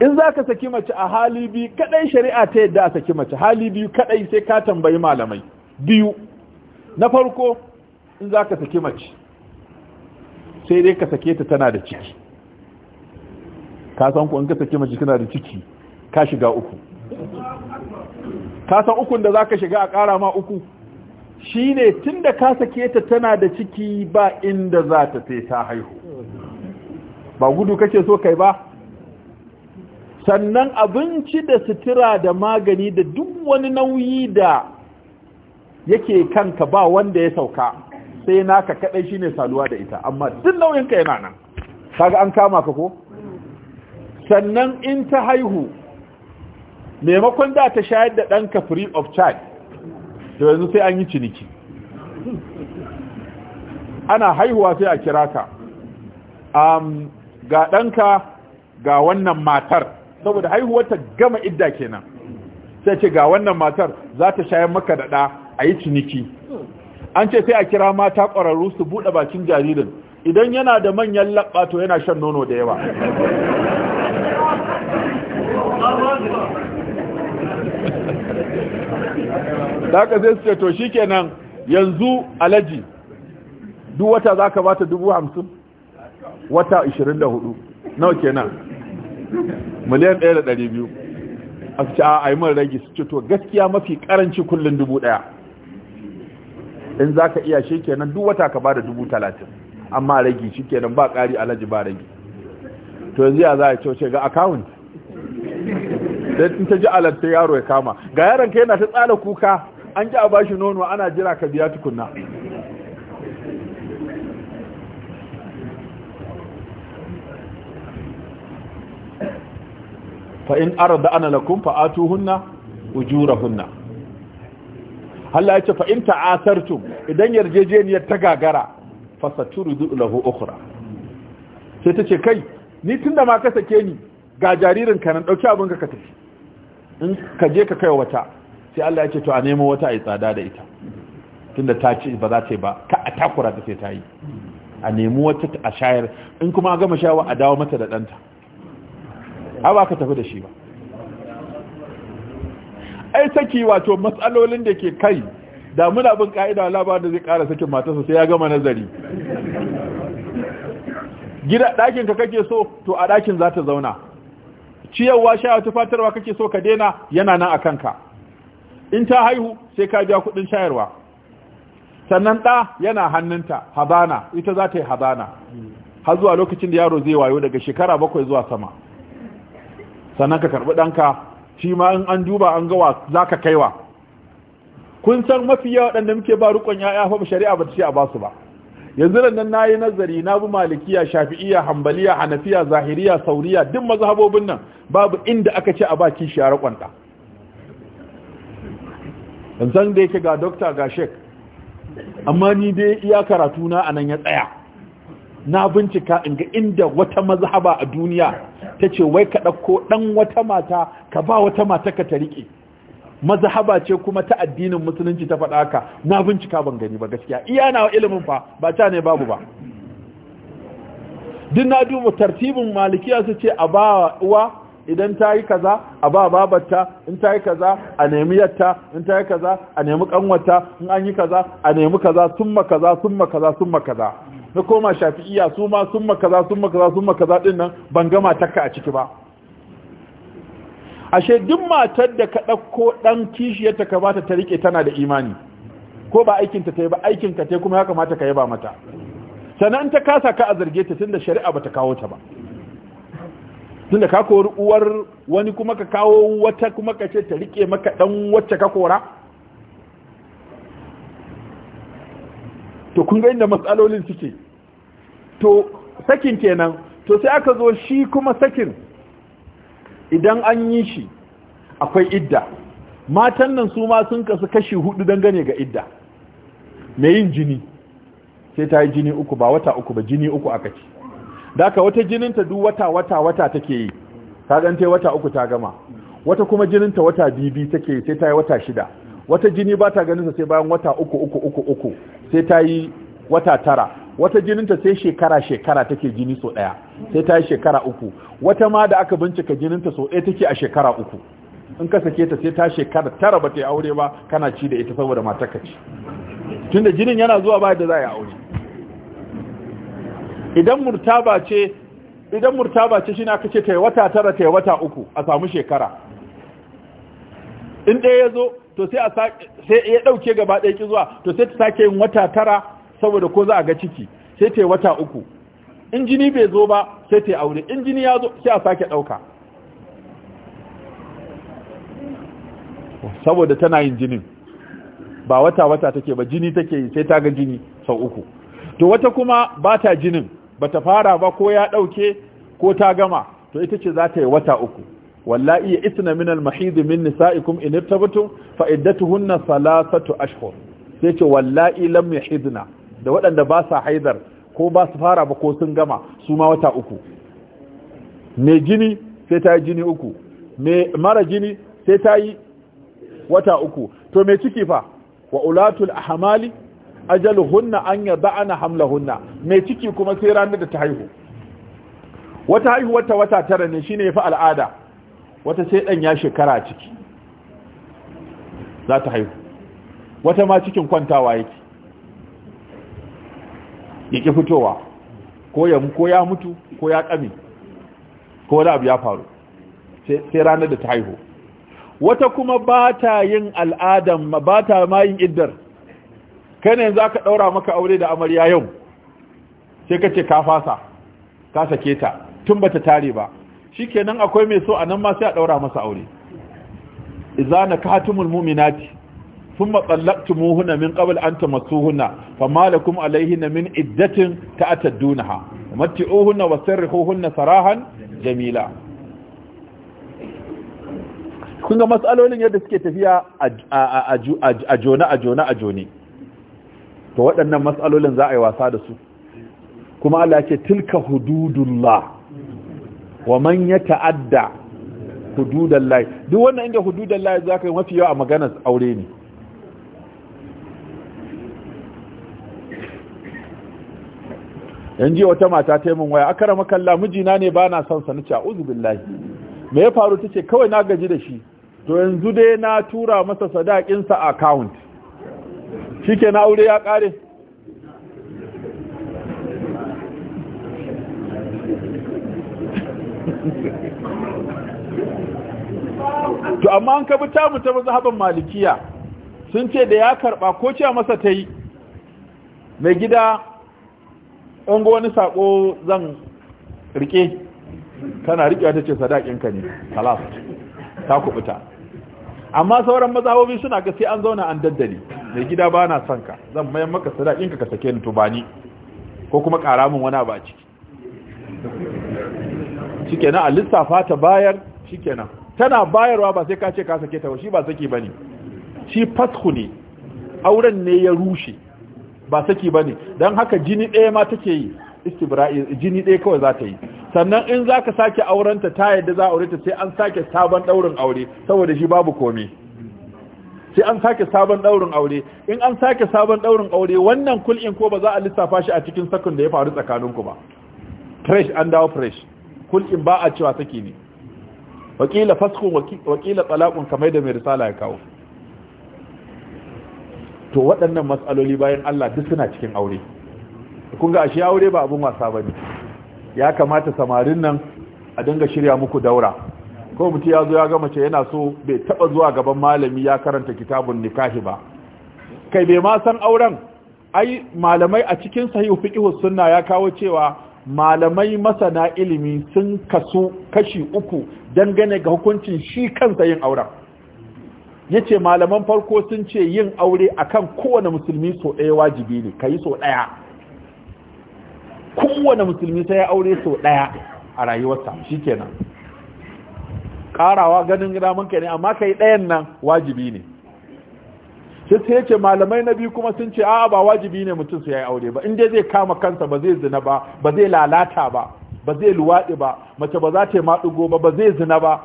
in za ka saki mace a hali biyu kadai shari'a ta yadda a saki mace hali biyu kadai sai ka tambayi malamai biyu na farko in za ka saki mace sai dai ka sake ta tana da ciki ka san ku in ka saki mace tana da ciki ka shiga uku ka san ukun da za ka shiga a kara ma uku shi ne tun da ka sake ta tana da ciki ba inda za ta sai ta haihu ba gudu kake so kai ba sannan abinci da sutura da magani da duk wani nauyi da yake kanka ba wanda ya sauka sai naka shi shine saluwa da ita amma duk nauyinka yana nan kaga an kama ka ko sannan in ta haihu maimakon da ta shayar da ɗanka free of charge to yanzu sai an yi ciniki ana haihuwa sai a kira ka um, ga ɗanka ga wannan matar saboda haihuwar ta gama idda kenan sai ce ga wannan matar za ta shayar maka da ɗa a yi ciniki an ce sai a kira mata ƙwararru su buɗe bakin jaririn idan yana da manyan laɓa to yana shan nono da yawa da ka zai su ce to shi kenan yanzu alaji duk wata za ka ba ta dubu hamsin wata 24 nawa kenan miliyan ɗaya da ɗari biyu a su a yi man ragi su ce to gaskiya mafi karanci kullum dubu ɗaya in za ka iya shi kenan duk wata ka ba da dubu talatin amma ragi shi kenan ba ƙari Laji ba ragi. to yanzu ya za a ce ga akawunt da in ta ji alatta yaro ya kama ga yaron ka yana ta tsala kuka an ji a bashi nono ana jira ka biya tukunna fa in arada ana lakum fa ujurahunna Allah ya ce fa in idan yarjejeniyar ta gagara fa saturidu lahu ukhra sai ta ce kai ni tunda ma ka sake ni ga jaririn ka nan dauki abin ka ka tafi in ka je ka kai wata sai Allah ya ce to a nemo wata ai tsada da ita tunda ta ce ba za ta yi ba ka a takura ta sai ta yi a nemi wata a shayar in kuma a gama shawa a dawo mata da ɗanta ba ka tafi da shi ba ai saki wato matsalolin da ke kai da muna bin ka'ida labar da zai kara sakin matarsa sai ya gama nazari gida ɗakin ka kake so to a ɗakin za ta zauna ciyarwa shaya fatarwa kake so ka daina yana nan a kanka in ta haihu sai ka biya kuɗin shayarwa sannan ɗa yana hannunta habana ita za ta yi habana har zuwa lokacin da yaro zai wayo daga shekara bakwai zuwa sama sannan ka karɓi ɗanka shi ma in an duba an gawa za ka kaiwa kun san mafi yawa waɗanda muke ba rukon ya'ya fa shari'a ba ta ce a basu ba yanzu nan na yi nazari na bi malikiya shafi'iya hambaliya hanafiya zahiriya sauriya duk mazhabobin nan babu inda aka ce a baki shi a rukon ɗa yanzu da yake ga dokta ga shek amma ni dai iya karatuna a nan ya tsaya na bincika inga inda wata mazhaba a duniya ta ce wai ka ɗauko ɗan wata mata ka ba wata mata ka ta riƙe mazhaba ce kuma ta addinin musulunci ta faɗa haka na bincika ban gani ba gaskiya iya na ilimin fa ba ta ne babu ba duk na duba tartibin malikiya su ce a ba uwa idan ta yi kaza a ba babarta in ta yi kaza a nemi yatta in ta yi kaza a nemi kanwata in an yi kaza a nemi kaza summa kaza summa kaza summa kaza na koma shafi'iya su ma sun makaza sun makaza sun makaza din nan ban gama takka a ciki ba ashe duk matar da ka ɗauko ɗan kishiyarta ka bata ta riƙe tana da imani ko ba aikinta ta yi ba aikinka ta kuma ya kamata ka yi ba mata sannan ta kasa ka a zarge ta tunda shari'a bata kawo ta ba tunda ka kori uwar wani kuma ka kawo wata kuma ka ce ta riƙe maka ɗan wacce ka kora to kun ga inda matsalolin suke to sakin kenan to sai aka zo shi kuma sakin idan an yi shi akwai idda matan nan su ma sun kasu kashi hudu dangane ga idda mai yin jini sai ta yi jini uku ba wata uku ba jini uku aka ci da aka wata jininta duk wata wata wata take yi ta gante wata uku ta gama wata kuma jininta wata bibi take yi sai ta yi wata shida wata jini ba ta ganin sai bayan wata uku uku uku uku sai ta yi wata tara wata jininta sai shekara shekara take jini so daya sai ta yi shekara uku wata ma da aka bincika jininta so daya take a shekara uku in ka sake ta sai ta shekara tara ba ta yi aure ba kana ci da ita saboda mata ci. Tun tunda jinin yana zuwa ba da za a yi aure idan murtaba ce idan murtaba ce shine aka ce ta yi wata tara ta yi wata uku a samu shekara in ɗaya ya zo to sai a sai ya dauke gaba ɗaya ki zuwa to sai ta sake yin wata tara saboda ko za a ga ciki sai ta yi wata uku in jini bai zo ba sai ta yi aure in jini ya zo sai a sake dauka saboda tana yin jinin ba wata wata take ba jini take yi sai ta ga jini sau uku to wata kuma ba ta jinin ba ta fara ba ko ya dauke ko ta gama to ita ce za ta yi wata uku wallahi isna min al-mahid min nisa'ikum in irtabtum fa iddatuhunna thalathatu ashhur sai ce wallahi lam yahidna da waɗanda ba sa haidar ko ba su fara ba ko sun gama su ma wata uku mai jini sai ta yi jini uku mai mara jini sai ta yi wata uku to mai ciki fa wa ulatul ahmali ajaluhunna an hamla hamlahunna mai ciki kuma sai ranar da ta haihu wata haihuwar ta wata tara ne shine yafi al'ada wata sai ɗan ya shekara ciki za ta haihu wata ma cikin kwantawa yake yake fitowa ko ya ko ya mutu ko ya kame ko wani abu ya faru sai ranar da ta haihu wata kuma ba ta yin al'adam ba ta ma yin iddar kai ne za ka ɗaura maka aure da amarya yau sai ka ce ka fasa ka sake ta tun ba ta tare ba shikenan akwai mai so a nan ma sai a daura masa aure idza nakatumul mu'minati thumma talaqtumuhunna min qabl an tamassuhunna fama lakum alayhinna min iddatin ta'taddunaha matti'uhunna wasarrihuhunna sarahan jamila kun ga matsalolin yadda suke tafiya a jona a jona a jone to waɗannan matsalolin za a yi wasa da su kuma Allah ce tilka hududullah wa man ya ta'adda hududan layi duk wannan inda hududan layi za ka yi mafi yawa a maganar aure ne yanzu wata mata ta yi min waya akara mijina ne ba na son sani ce a uzubillahi me ya faru ta ce kawai na gaji da shi to yanzu dai na tura masa sadakinsa a account shi na aure ya kare to amma an ka bi mu ta mazhaban malikiya sun ce da ya karba ko ce masa ta yi mai gida in ga wani sako zan rike kana rike ta ce sadakin ka ne kalas ta bita amma sauran mazhabobi suna ga sai an zauna an daddare mai gida ba na son ka zan mayar maka sadakinka ka sake ni to ba ni ko kuma kara min wani ba ciki shikenan a lissafa ta bayar shikenan tana bayarwa ba sai ka ce ka sake ta ba shi ba saki bane shi fasku ne auren ne ya rushe ba saki bane dan haka jini ɗaya ma take yi istibra'i jini ɗaya kawai za ta yi sannan in za sake aurenta ta yadda za aure ta sai an sake sabon ɗaurin aure saboda shi babu komai sai an sake sabon daurin aure in an sake sabon daurin aure wannan kul'in ko ba za a lissafa shi a cikin sakon da ya faru tsakaninku ba fresh an dawo fresh kul'in ba a cewa saki ne wakila fasko, wakila talakun kamar da mai risala ya kawo to waɗannan matsaloli bayan Allah duk suna cikin aure kun ga ashe aure ba abun wasa bane ya kamata samarin nan a dinga shirya muku daura ko mutu ya zo ya ga mace yana so bai taba zuwa gaban malami ya karanta kitabun nikahi ba kai bai ma san auren ai malamai a cikin sahihu fiqh sunna ya kawo cewa malamai masana ilimi sun kasu kashi uku dangane ga hukuncin shi kansa yin auren yace malaman farko sun ce yin aure akan kowane musulmi so ɗaya wajibi ne ka yi so ɗaya kowane musulmi sai ya aure so ɗaya a rayuwarsa shi nan. karawa ganin ramunka ne amma kai ɗayan nan wajibi ne shi sai yace malamai na biyu kuma sun ce a'a ba wajibi ne mutum su ya yi aure ba in dai zai kama kansa ba zai zina ba ba zai lalata ba ba zai luwaɗi ba mace ba za ta yi maɗugo ba ba zai zina ba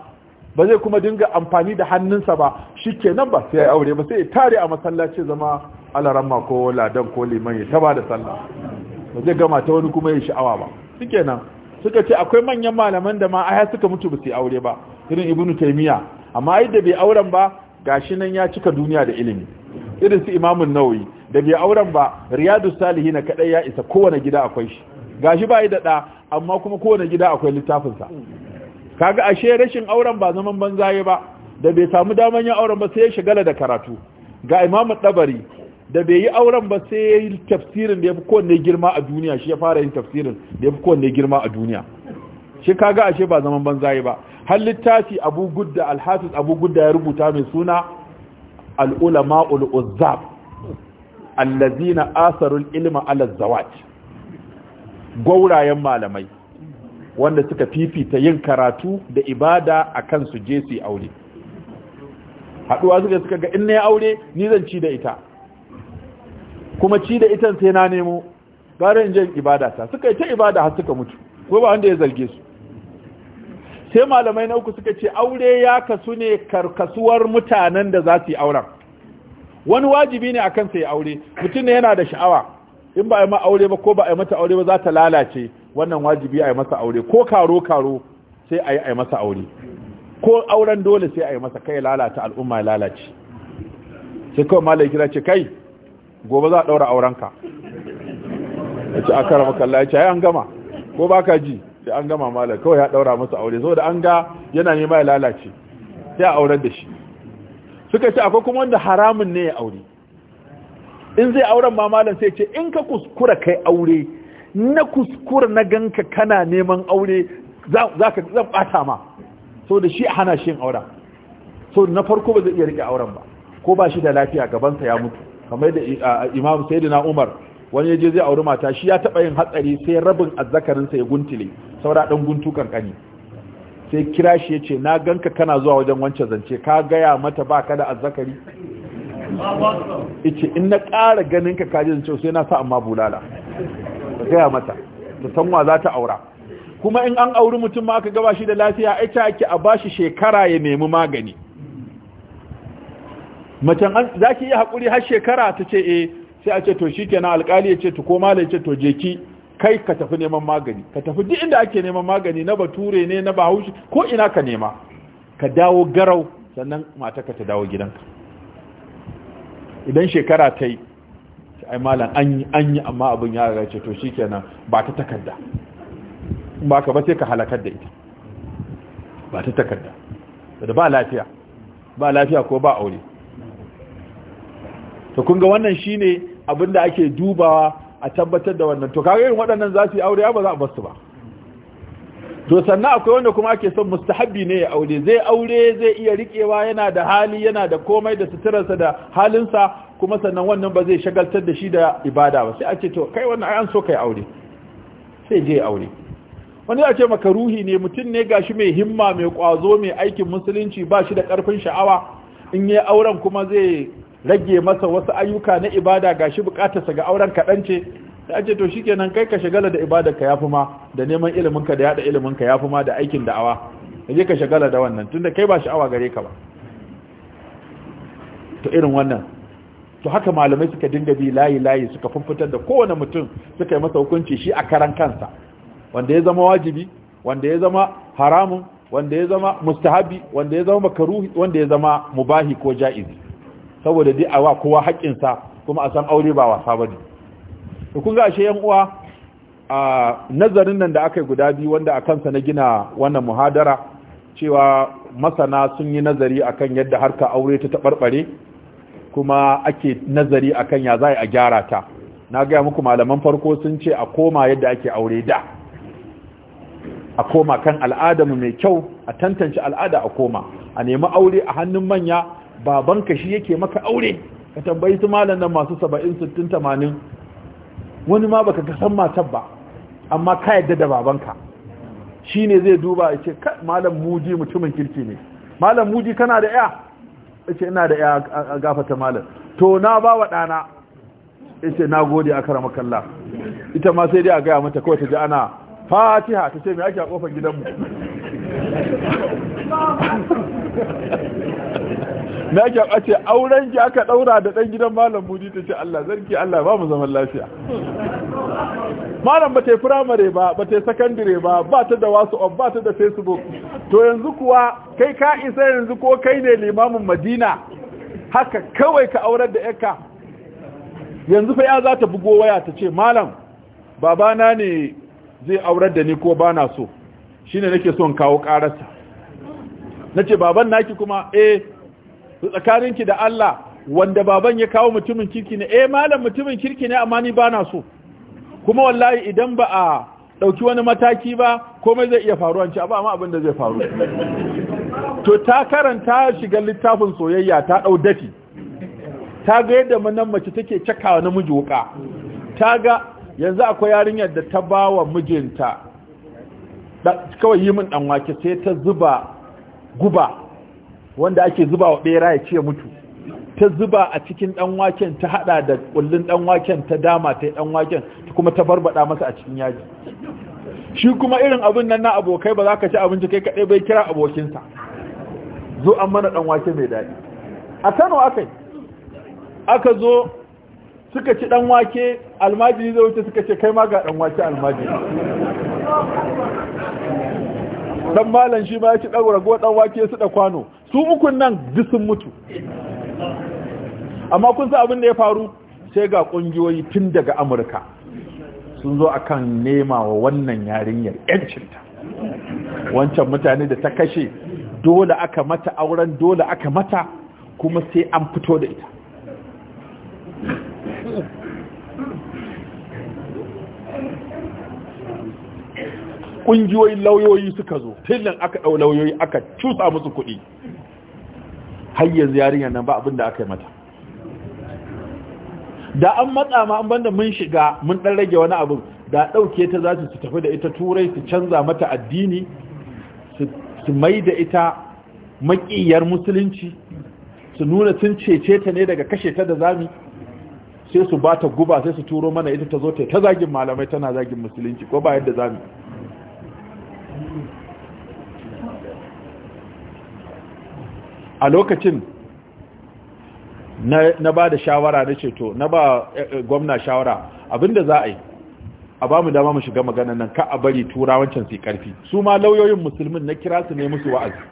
ba zai kuma dinga amfani da hannunsa ba shi kenan ba sai ya aure ba sai ya tare a masallaci zama alarama ko ladan ko liman ya taba da sallah ba zai gama ta wani kuma ya sha'awa ba shi kenan suka ce akwai manyan malaman da ma aya suka mutu ba su aure ba irin ibnu taymiya amma ai da bai auren ba gashi nan ya cika duniya da ilimi irin su imamun nawawi da bai auren ba riyadu salihin kadai ya isa kowane gida akwai shi gashi ba yi da amma kuma kowane gida akwai littafinsa kaga ashe rashin auren ba zaman banza ya ba da bai samu daman yin auren ba sai ya shagala da karatu ga imamu ɗabari da bai yi auren ba sai ya yi tafsirin da ya fi kowanne girma a duniya shi ya fara yin tafsirin da ya fi kowanne girma a duniya shi kaga ashe ba zaman banza ya ba har littafi abu gudda alhafiz abu gudda ya rubuta mai suna al'ulama'ul uzzab allazina asarul ilma ala zawaj gwaurayen malamai wanda suka fifita yin karatu da ibada akan su je su aure haɗuwa suka suka ga in na aure ni zan ci da ita kuma ci da itan sai na nemo gara in je ibada ta suka yi ta ibada har suka mutu ko ba wanda ya zarge su sai malamai na uku suka ce aure ya kasu ne karkasuwar mutanen da za su yi auren wani wajibi ne akan sai aure mutum ne yana da sha'awa in ba a yi ma aure ba ko ba a yi mata aure ba za ta lalace wannan wajibi a yi masa aure ko karo karo sai a yi a yi masa aure ko auren dole sai a yi masa kai lalata al'umma ya lalace sai kawai malai kira ce kai gobe za a ɗaura aurenka ya ce aka rama kalla ya ce an gama ko ba ka ji da an gama malai kawai ya ɗaura masa aure zo da an ga yana nema ya lalace sai a auren da shi suka ce akwai kuma wanda haramun ne ya aure in zai auren ma malam sai ce in ka kuskura kai aure na kuskura na ganka kana neman aure za ka zan bata ma so da shi hana shi auren so na farko ba zai iya rike auren ba ko ba shi da lafiya gabansa ya mutu kamar da imam sayyidina umar wani yaje zai auri mata shi ya taba yin hatsari sai rabin sa ya guntule saura dan guntu kankani sai kira shi ce na ganka kana zuwa wajen wancan zance ka gaya mata ba ka da azzakari ice in na ƙara ganin ka kajin cewa sai na sa amma bulala ta gaya mata ta san za ta aura kuma in an auri mutum ma aka gaba shi da lafiya ita ake a ba shi shekara ya nemi magani macen an za ki yi haƙuri har shekara ta ce e sai a ce to shi ke na alƙali ya ce to ko ya ce to je ki kai ka tafi neman magani ka tafi duk inda ake neman magani na bature ne na bahaushe ko ina ka nema ka dawo garau sannan mata ka ta dawo gidanka idan shekara ta yi ai malam an yi amma abin ya race to shikenan ba ta takarda ba ka ba sai ka halakar da ita ba ta takarda da ba lafiya ba lafiya ko ba aure to kun ga wannan shine abinda ake dubawa a tabbatar da wannan to kaga irin waɗannan za su yi aure ba za a basu ba to sannan akwai wanda kuma ake son mustahabbi ne ya aure zai aure zai iya rikewa yana da hali yana da komai da suturarsa da halinsa kuma sannan wannan ba zai shagaltar da shi da ibada ba sai a ce to kai wannan an so kai aure sai je aure wani ya ce maka ruhi ne mutum ne gashi mai himma mai kwazo mai aikin musulunci ba shi da karfin sha'awa in yi auren kuma zai rage masa wasu ayyuka na ibada gashi bukatarsa ga auren kaɗan ce da ake to shi kenan kai ka shagala da ibadarka yafi ma da neman ilimin ka da yada ilimin ka yafi ma da aikin da'awa kaje ka shagala da wannan tunda kai ba sha'awa gare ka ba to irin wannan to haka malamai suka dinga bi layi layi suka funfutar da kowane mutum suka yi masa hukunci shi a karan kansa wanda ya zama wajibi wanda ya zama haramun wanda ya zama mustahabi wanda ya zama makaruhi wanda ya zama mubahi ko ja'izi saboda dai a wa kowa haƙƙinsa kuma a san aure ba wasa bane to kun ga ashe yan uwa a nazarin nan da aka yi guda biyu wanda a kansa na gina wannan muhadara cewa masana sun yi nazari akan yadda harka aure ta taɓarɓare kuma ake nazari akan ya za a gyara ta na gaya muku malaman farko sun ce a koma yadda ake aure da a koma kan al'adamu mai kyau a tantance al'ada a koma a nemi aure a hannun manya babanka shi yake maka aure ka tambayi su malam nan masu 70 60 80 wani ma baka ga san matar ba amma ka yadda da babanka shi ne zai duba ya ce malam muji mutumin kirki ne malam muji kana da ya ya ce ina da ya a gafata malam to na ba wa ɗana ya ce na gode a kara makalla ita ma sai dai a gaya mata kawai ta ji ana fatiha ta ce mai ake a kofar gidanmu na ke a ce auren ki aka daura da dan gidan malam mudi ta ce Allah zarki Allah ba mu zaman lafiya malam ba ta yi firamare ba ba ta yi sakandire ba ba ta da wasu ba ta da facebook to yanzu kuwa kai ka isa yanzu ko kai ne limamin madina haka kawai ka aurar da yaka yanzu fa ya za ta bugo waya ta ce malam babana ne zai aurar da ni ko ba na so shine nake son kawo karasa na ce baban naki kuma eh tsakanin ki da Allah wanda baban ya kawo mutumin kirki ne eh malam mutumin kirki ne amma ni bana so kuma wallahi idan ba a dauki wani mataki ba komai zai iya faruwa ci abu amma abin da zai faru to ta karanta shiga littafin soyayya ta dau dafi ta ga yadda manan mace take cakawa namiji wuka ta ga yanzu akwai yarinyar da ta bawa mijinta kawai yi min dan wake sai ta zuba guba wanda ake zuba wa bera ya ce mutu ta zuba a cikin ɗanwaken ta haɗa da ƙullun ɗanwaken ta dama ta ɗanwaken, waken kuma ta barbada masa a cikin yaji shi kuma irin abin nan na abokai ba za ka ci abinci kai kaɗai? bai kira abokinsa zo an mana ɗanwake mai daɗi a Kano akai aka zo suka ci ɗanwake wake almajiri zai wuce suka ce kai ma ga ɗanwake wake almajiri dan malam shi ba ya ci dan rago dan wake su da kwano su ukun nan duk sun mutu amma kun san abin da ya faru sai ga kungiyoyi tun daga Amurka sun zo akan nema wa wannan yarinyar yancinta wancan mutane da ta kashe dole aka mata auren dole aka mata kuma sai an fito da ita ƙungiyoyin lauyoyi suka zo filin aka ɗau lauyoyi aka cusa musu kuɗi hayyar yarinyar nan ba abin da aka yi mata da an matsa ma an banda mun shiga mun ɗan rage wani abu, da ɗauke ta za su tafi da ita turai su canza mata addini su mai da ita maƙiyar musulunci su nuna sun cece ta ne daga kashe ta da zami sai su ba ta guba sai su turo mana ita ta zo ta ta zagin malamai tana zagin musulunci ko ba yadda zami a lokacin na ba da shawara na ceto na ba eh, eh, gwamna shawara abinda za a yi a ba mu dama mu shiga magana nan ka a bari turawancin su karfi su ma lauyoyin musulmin na kira su ne musu wa'azi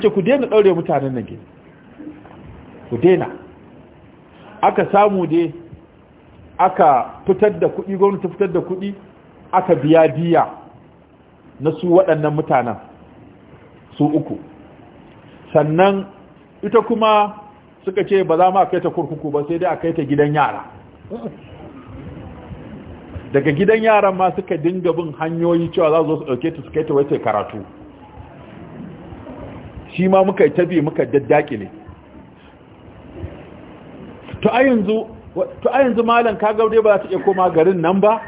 ce ku daina daure mutanen nan gini ku daina aka samu dai aka fitar da kuɗi gwamnati fitar da kuɗi aka biya biya. na su waɗannan mutanen su uku sannan ita kuma suka ce ba za mu kai ta kurkuku ba sai dai a kai ta gidan yara daga gidan yaran ma suka dinga bin hanyoyi cewa za su zo ɗauke ta su kai ta wace karatu shi ma muka yi tabi muka daddaki ne to a yanzu malam ka gaure ba za ta iya koma garin nan ba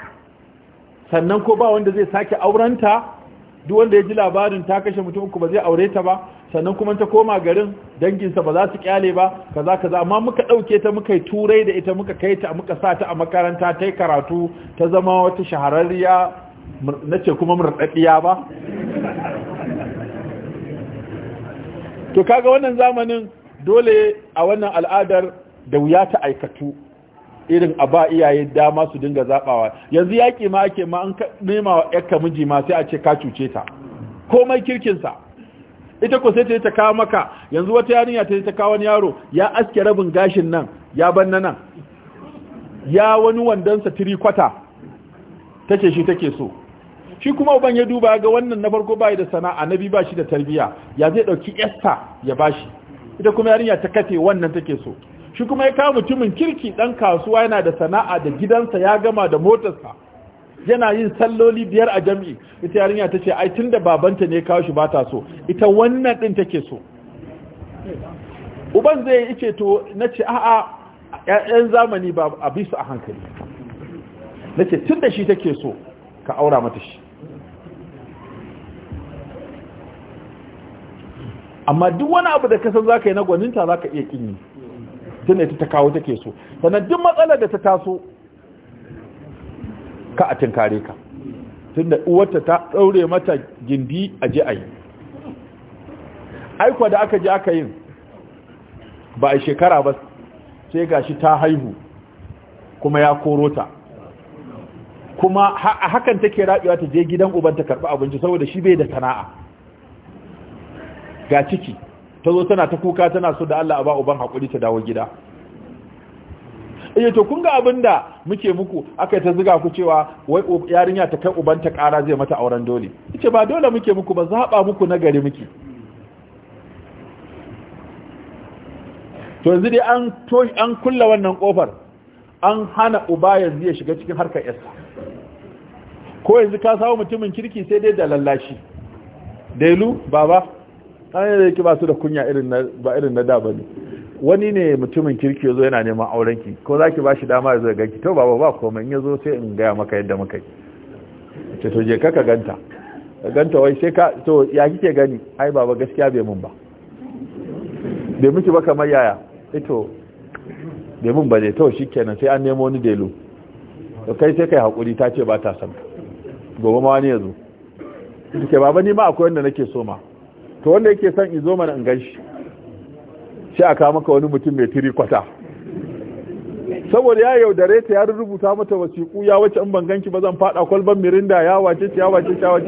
sannan ko ba wanda zai sake aurenta duk wanda ya ji labarin ta kashe mutum uku ba zai aure ta ba sannan kuma ta koma garin danginsa ba za su kyale ba kaza kaza amma muka ɗauke ta muka yi turai da ita muka kai ta muka sa ta a makaranta ta yi karatu ta zama wata shahararriya na ce kuma murɗaɗɗiya ba to kaga wannan zamanin dole a wannan al'adar da wuya ta aikatu irin a ba iyaye dama su dinga zabawa yanzu yaki ma ake ma an nema wa yakka miji ma sai a ce ka cuce ta komai kirkin sa ita ko sai ta ta kawo maka yanzu wata yarinya ta ta kawo yaro ya aske rabin gashin nan ya banna nan ya wani sa tiri kwata take shi take so shi kuma uban ya duba ga wannan na farko bai da sana'a nabi ba shi da tarbiya ya zai dauki yasta ya bashi ita kuma yarinya ta kace wannan take so shi kuma ya kawo mutumin kirki dan kasuwa yana da sana'a da gidansa ya gama da motarsa yana yin salloli biyar a jami'i ita yarinya ta ce ai tunda babanta ne kawo shi bata so ita wannan din take so uban zai yi ice to na ce a'a ƴaƴan zamani ba a bi su a hankali Na ce tunda shi take so ka aura mata shi amma duk wani abu da kasan ka yi na gwaninta za ka iya kinyi tunda ita ta kawo take so sannan duk matsalar da ta taso ka a tinkare ka tunda uwarta ta daure mata gindi a ji a yi. aikwa da aka ji aka yin ba a shekara ba sai ga shi ta haihu kuma ya koro ta kuma a hakan take rabewa ta je gidan ubanta karɓi abinci saboda shi bai da sana'a ga ciki ta zo tana ta kuka tana so da Allah a ba uban haƙuri ta dawo gida iya eh, to kun ga abin da muke muku aka ta ziga ku cewa wai yarinya ta kai uban ta ƙara zai mata auren dole ita ba dole muke muku ba zaɓa muku na gari muke to yanzu dai an an kulla wannan kofar an hana uba yanzu ya shiga cikin harkar yasa ko yanzu ka samu mutumin kirki sai dai da lallashi dailu baba kayan da yake ba su da kunya ba irin na da ba ne wani ne mutumin kirki ya zo yana neman aurenki ko za ki ba shi dama ya zo ganki to ba ba komai ya zo sai in gaya maka yadda muka yi ce to je kaka ganta ganta wai sai ka to ya kike gani ai baba gaskiya bai mun ba bai miki ba kamar yaya ito eh, bai mun ba zai to kenan sai an nemo wani delu to kai sai kai hakuri ta ce ba ta san gobe ma wani ya zo ba baba ni ma akwai wanda nake so ma to wanda yake son zo mana in ganshi shi aka maka wani mutum mai tiri saboda ya yaudare ta ya rubuta mata wasiƙu ya wace in ban ganki ba zan faɗa. kwalban mirinda ya wace ya wace ya wace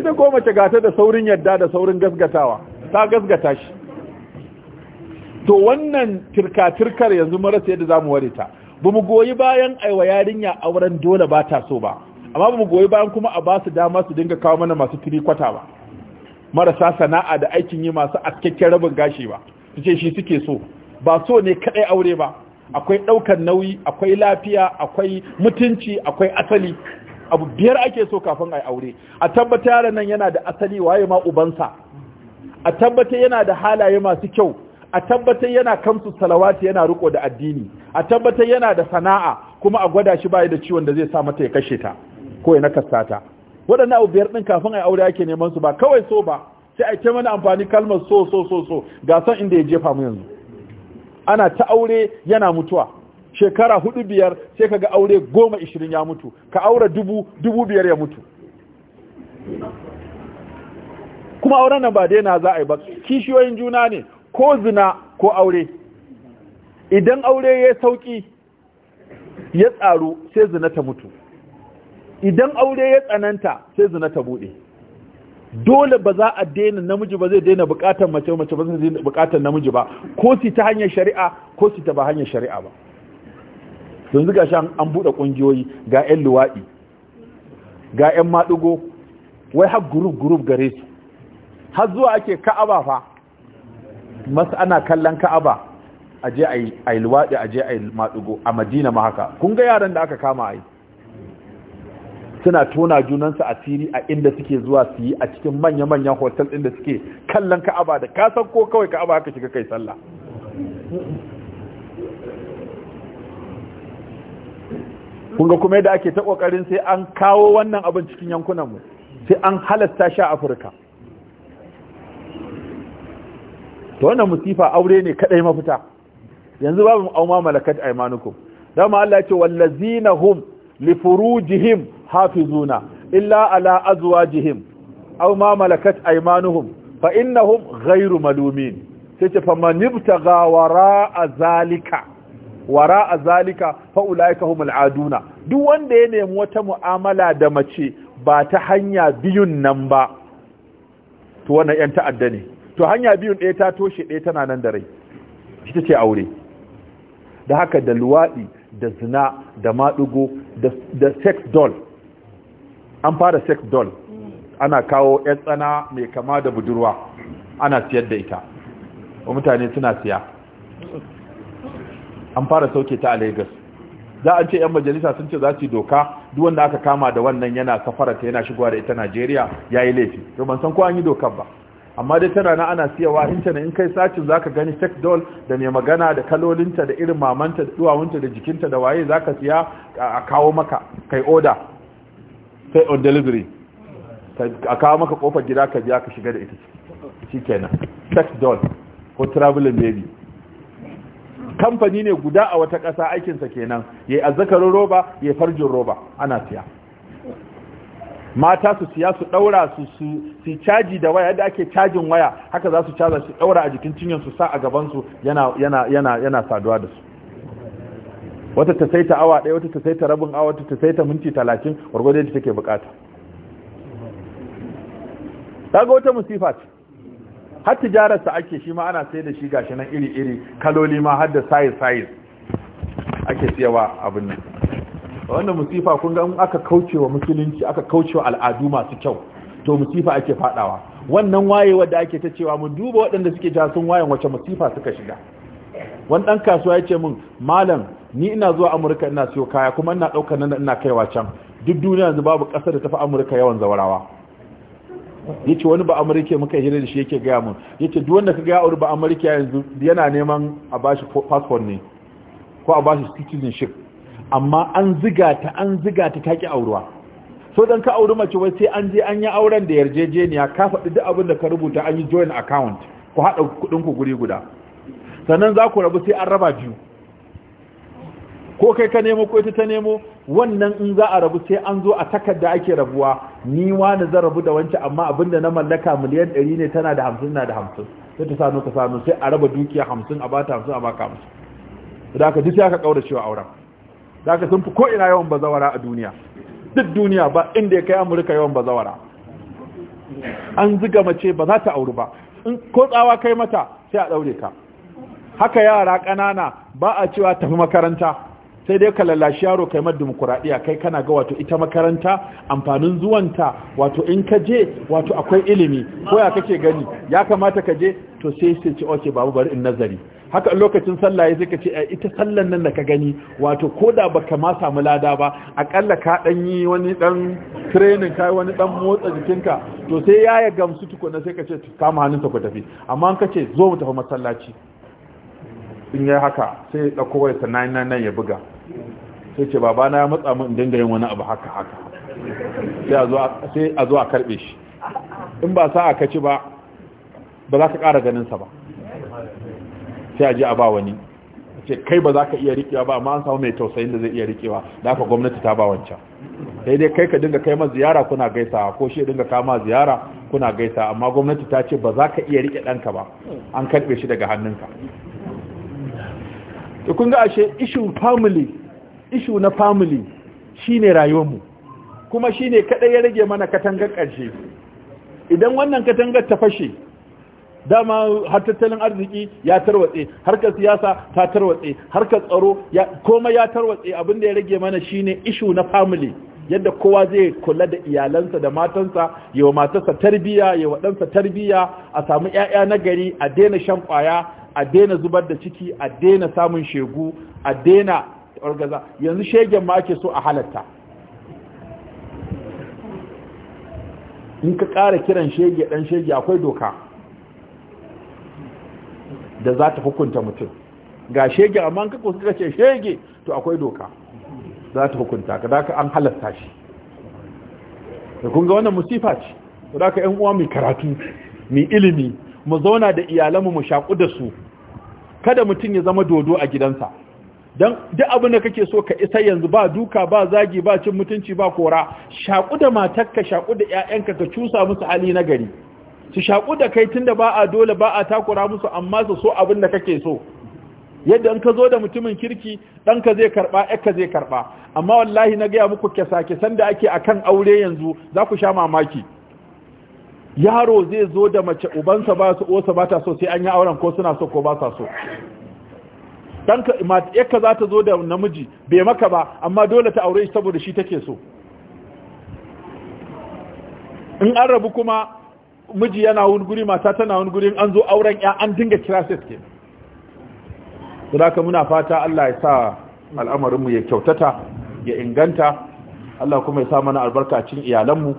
ita ko mace gata da saurin yadda da saurin gasgatawa ta gasgata shi to wannan tirka-tirkar yanzu marasa yadda zamu ware ta ba mu goyi bayan aiwa yarinya auren dole ba ta so ba amma ba mu goyi bayan kuma a ba su dama su dinga kawo mana masu tiri ba marasa sana'a da aikin yi masu askakken rabin gashi ba su ce shi suke so ba so ne kaɗai aure ba akwai ɗaukar nauyi akwai lafiya akwai mutunci akwai asali abu biyar ake so kafin a yi aure a tabbata yaran nan yana da asali waye ma ubansa a tabbata yana da halaye masu kyau a tabbata yana kamsu salawati yana riko da addini a tabbata yana da sana'a kuma a gwada shi baya da ciwon da zai sa mata ya kashe ta ko ya nakasta ta waɗannan abu biyar ɗin kafin a aure ake neman su ba kawai so ba sai a ce mana amfani kalmar so so so so ga son inda ya jefa mu yanzu ana ta aure yana mutuwa shekara hudu biyar sai ga aure goma ishirin ya mutu ka aura dubu dubu biyar ya mutu kuma auren nan ba daina za a yi ba kishiyoyin juna ne ko zina ko aure idan aure ya sauki ya tsaru sai zina ta mutu idan aure ya tsananta sai zina ta bude dole ba za a daina namiji ba zai daina bukatar mace mace ba zai daina bukatar namiji ba ko si ta hanyar shari'a ko si ta ba hanyar shari'a ba yanzu shan an bude kungiyoyi ga yan luwadi ga yan madugo wai har group group gare su har zuwa ake ka'aba fa masu ana kallon ka'aba a je a yi luwaɗi a je a yi maɗugo a madina ma haka kun ga yaran da aka kama a yi suna tona junansu asiri a inda suke zuwa su yi a cikin manya-manyan hotel ɗin da suke kallon ka'aba da kasan ko kawai ka'aba haka shiga kai sallah kunga kuma yadda ake ta kokarin sai an kawo wannan abin cikin yankunanmu sai an halatta sha afirka Ta wannan musifa aure ne kadai mafita yanzu babu auma malakat aimanukum dama Allah ya ce wallazina hum li furujihim hafizuna illa ala azwajihim aw ma malakat aymanuhum fa innahum ghayru malumin sai ce faman ibtaga wara'a zalika wara'a zalika fa ulaika aduna duk wanda ya nemi wata mu'amala da mace ba ta hanya biyun nan ba to wannan yan ta'adda ne to hanya biyun ɗaya ta toshe ɗaya tana nan da rai ita ce aure da haka da luwaɗi da zina da maɗugo da sex doll an fara sex doll ana kawo 'yan tsana mai kama da budurwa ana siyar da ita wa mutane suna siya an fara sauke ta a lagos za a ce 'yan majalisa sun ce za su yi doka duwanda aka kama da wannan yana safarata yana shigowa da ita najeriya ya yi laifi to ban san ko an yi dokan ba amma dai tana na ana siyawa ne in kai sacin zaka gani sex doll da mai magana da kalolinta da irin mamanta da duwawunta da jikinta da waye zaka siya a kawo maka kai order sai on delivery a kawo maka kofar gida ka biya ka shiga da ita shikenan sex doll ko traveling baby kamfani ne guda a wata ƙasa aikinsa kenan ya yi azzakarin roba ya farjin roba ana siya mata su siya su daura su su caji da waya da ake cajin waya haka za su caza su daura a jikin cinyar su sa a gaban yana saduwa da su wata ta saita awa ɗaya wata ta saita rabin awa wata ta saita minti talatin gwargwado da take bukata ga wata musifa ce har sa ake shi ma ana sai da shi gashi nan iri-iri kaloli ma har da size-size ake siyawa abin nan wannan musifa kun ga in aka wa musulunci aka kauce wa al'adu masu kyau to musifa ake fadawa wannan wayewa da ake ta cewa mu duba waɗanda suke ja sun wayan wace musifa suka shiga wani dan kasuwa ya ce min malam ni ina zuwa amurka ina siyo kaya kuma ina ɗaukar nan ina kaiwa can duk duniya yanzu babu ƙasar da tafi amurka yawan zawarawa ya ce wani ba amurka muka hira da shi yake gaya mun ya ce wanda ka gaya ba amurka yanzu yana neman a bashi passport ne ko a bashi citizenship amma an ziga ta an ziga ta taki auruwa so dan ka auri mace wai sai an je an yi auren da yarjejeniya ka faɗi duk abin da ka rubuta an yi joint account ku haɗa kuɗin ku guri guda sannan za ku rabu sai an raba biyu ko kai ka nemo ko ita ta nemo wannan in za a rabu sai an zo a takarda ake rabuwa ni wani zan rabu da wancan amma abinda na mallaka miliyan 100 ne tana da 50 na da 50 sai ta sanu ka sanu sai a raba dukiya 50 a bata 50 a baka 50 da aka ji sai aka kaura cewa auren Zaka ka sun fi ko'ina yawan bazawara a duniya duk duniya ba inda ya kai amurka yawan bazawara an ziga mace ba za ta auri ba in ko tsawa kai mata sai a ɗaure ka haka yara ƙanana ba a cewa tafi makaranta sai dai ka lallashi yaro kai mad kai kana ga wato ita makaranta amfanin zuwanta wato in ka je wato akwai ilimi ko ya kake gani ya kamata ka je to sai sai ce oke babu bari in nazari haka lokacin sallah ya suka ce eh, ita sallan nan da ka gani wato ko da baka ma samu lada ba akalla ka dan yi wani dan training kai wani dan motsa jikinka to sai ya ya gamsu tukuna sai ka ce kama ta ku tafi amma an ka ce zo mu tafi masallaci in yi haka sai ya ɗauko wayarsa 999 ya buga sai ce babana ya matsa min dinga yin wani abu haka haka sai a zo a karɓe shi in ba sa aka ci ba ba za ka ƙara ganinsa ba sai a ji a ba wani ce kai ba za ka iya rikewa ba amma an samu mai tausayin da zai iya rikewa da aka gwamnati ta ba wancan sai dai kai ka dinga kai ma ziyara kuna gaisa ko shi dinga kama ziyara kuna gaisa amma gwamnati ta ce ba za ka iya rike ɗanka ba an karɓe shi daga hannunka to kun ga ashe ishu family ishu na family shine rayuwarmu kuma shine kadai ya rage mana katangar ƙarshe idan wannan katangar ta fashe dama har tattalin arziki ya tarwatse harkar siyasa ta tarwatse harkar tsaro ya komai ya tarwatse abin da ya rage mana shine ishu na family yadda kowa zai kula da iyalansa da matansa yi wa matarsa tarbiya yi wa ɗansa tarbiya a samu 'ya'ya na gari a daina shan ƙwaya a daina zubar da ciki a daina samun shegu a daina orgaza yanzu shegen ma ake so a halatta in ka ƙara kiran shege ɗan shege akwai doka da za ta hukunta mutum ga shege amma ka kusa ce shege to akwai doka za ta hukunta ka da an halatta shi da kun ga wannan musifa ce da yan uwa mai karatu mai ilimi mu zauna da iyalanmu mu shaƙu da su kada mutum ya zama dodo a gidansa don duk abin da kake so ka isa yanzu ba duka ba zagi ba cin mutunci ba kora shaƙu da matarka shaƙu da 'ya'yanka ka cusa musu hali na gari su shaƙu da kai tunda ba a dole ba a takura musu amma su so abin da kake so yadda in ka zo da mutumin kirki ɗanka zai karɓa ɗanka zai karɓa amma wallahi na gaya muku kyasa san da ake akan aure yanzu za ku sha mamaki yaro zai zo da mace ubansa ba su osa ba ta so sai an yi auren ko suna so ko ba sa so ɗanka za ta zo da namiji bai maka ba amma dole ta aure shi saboda shi take so in an rabu kuma miji yana wani guri mata tana wani guri an zo auren ya an dinga kira sai ke ka muna fata Allah ya sa al'amarinmu ya kyautata ya inganta Allah kuma ya sa mana albarka cikin iyalan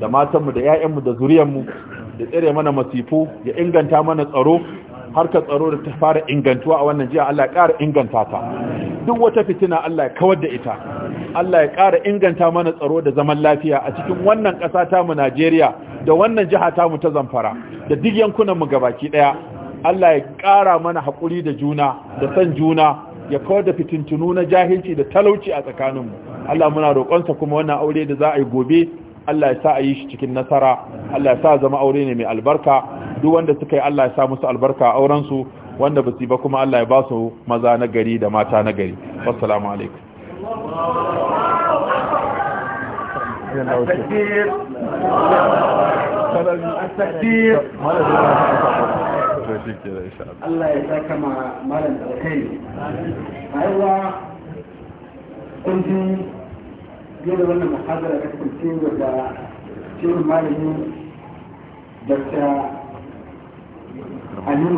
da matanmu, da 'ya'yanmu, mu da zuriyan mu da tsare mana masifu ya inganta mana tsaro harkar tsaro da ta fara ingantuwa a wannan jiya Allah ya ƙara inganta ta duk wata fitina Allah ya kawar da ita Allah ya ƙara inganta mana tsaro da zaman lafiya a cikin wannan ƙasa ta mu Najeriya da wannan jiha ta mu ta Zamfara da duk yankunan mu gabaki daya Allah ya ƙara mana hakuri da juna da san juna ya kawar da fitintunu na jahilci da talauci a tsakaninmu Allah muna roƙonsa kuma wannan aure da za a yi gobe Allah ya sa a yi shi cikin nasara Allah ya sa zama aure ne mai albarka duk wanda suka yi Allah ya sa musu albarka a auren su wanda basu ba kuma Allah ya ba su maza na gari da mata na gari assalamu alaikum Allah ya sa kama malam da kai. alkhairi aiwa kun yadda wannan muhadara ta kuce daga cikin malami dr aminu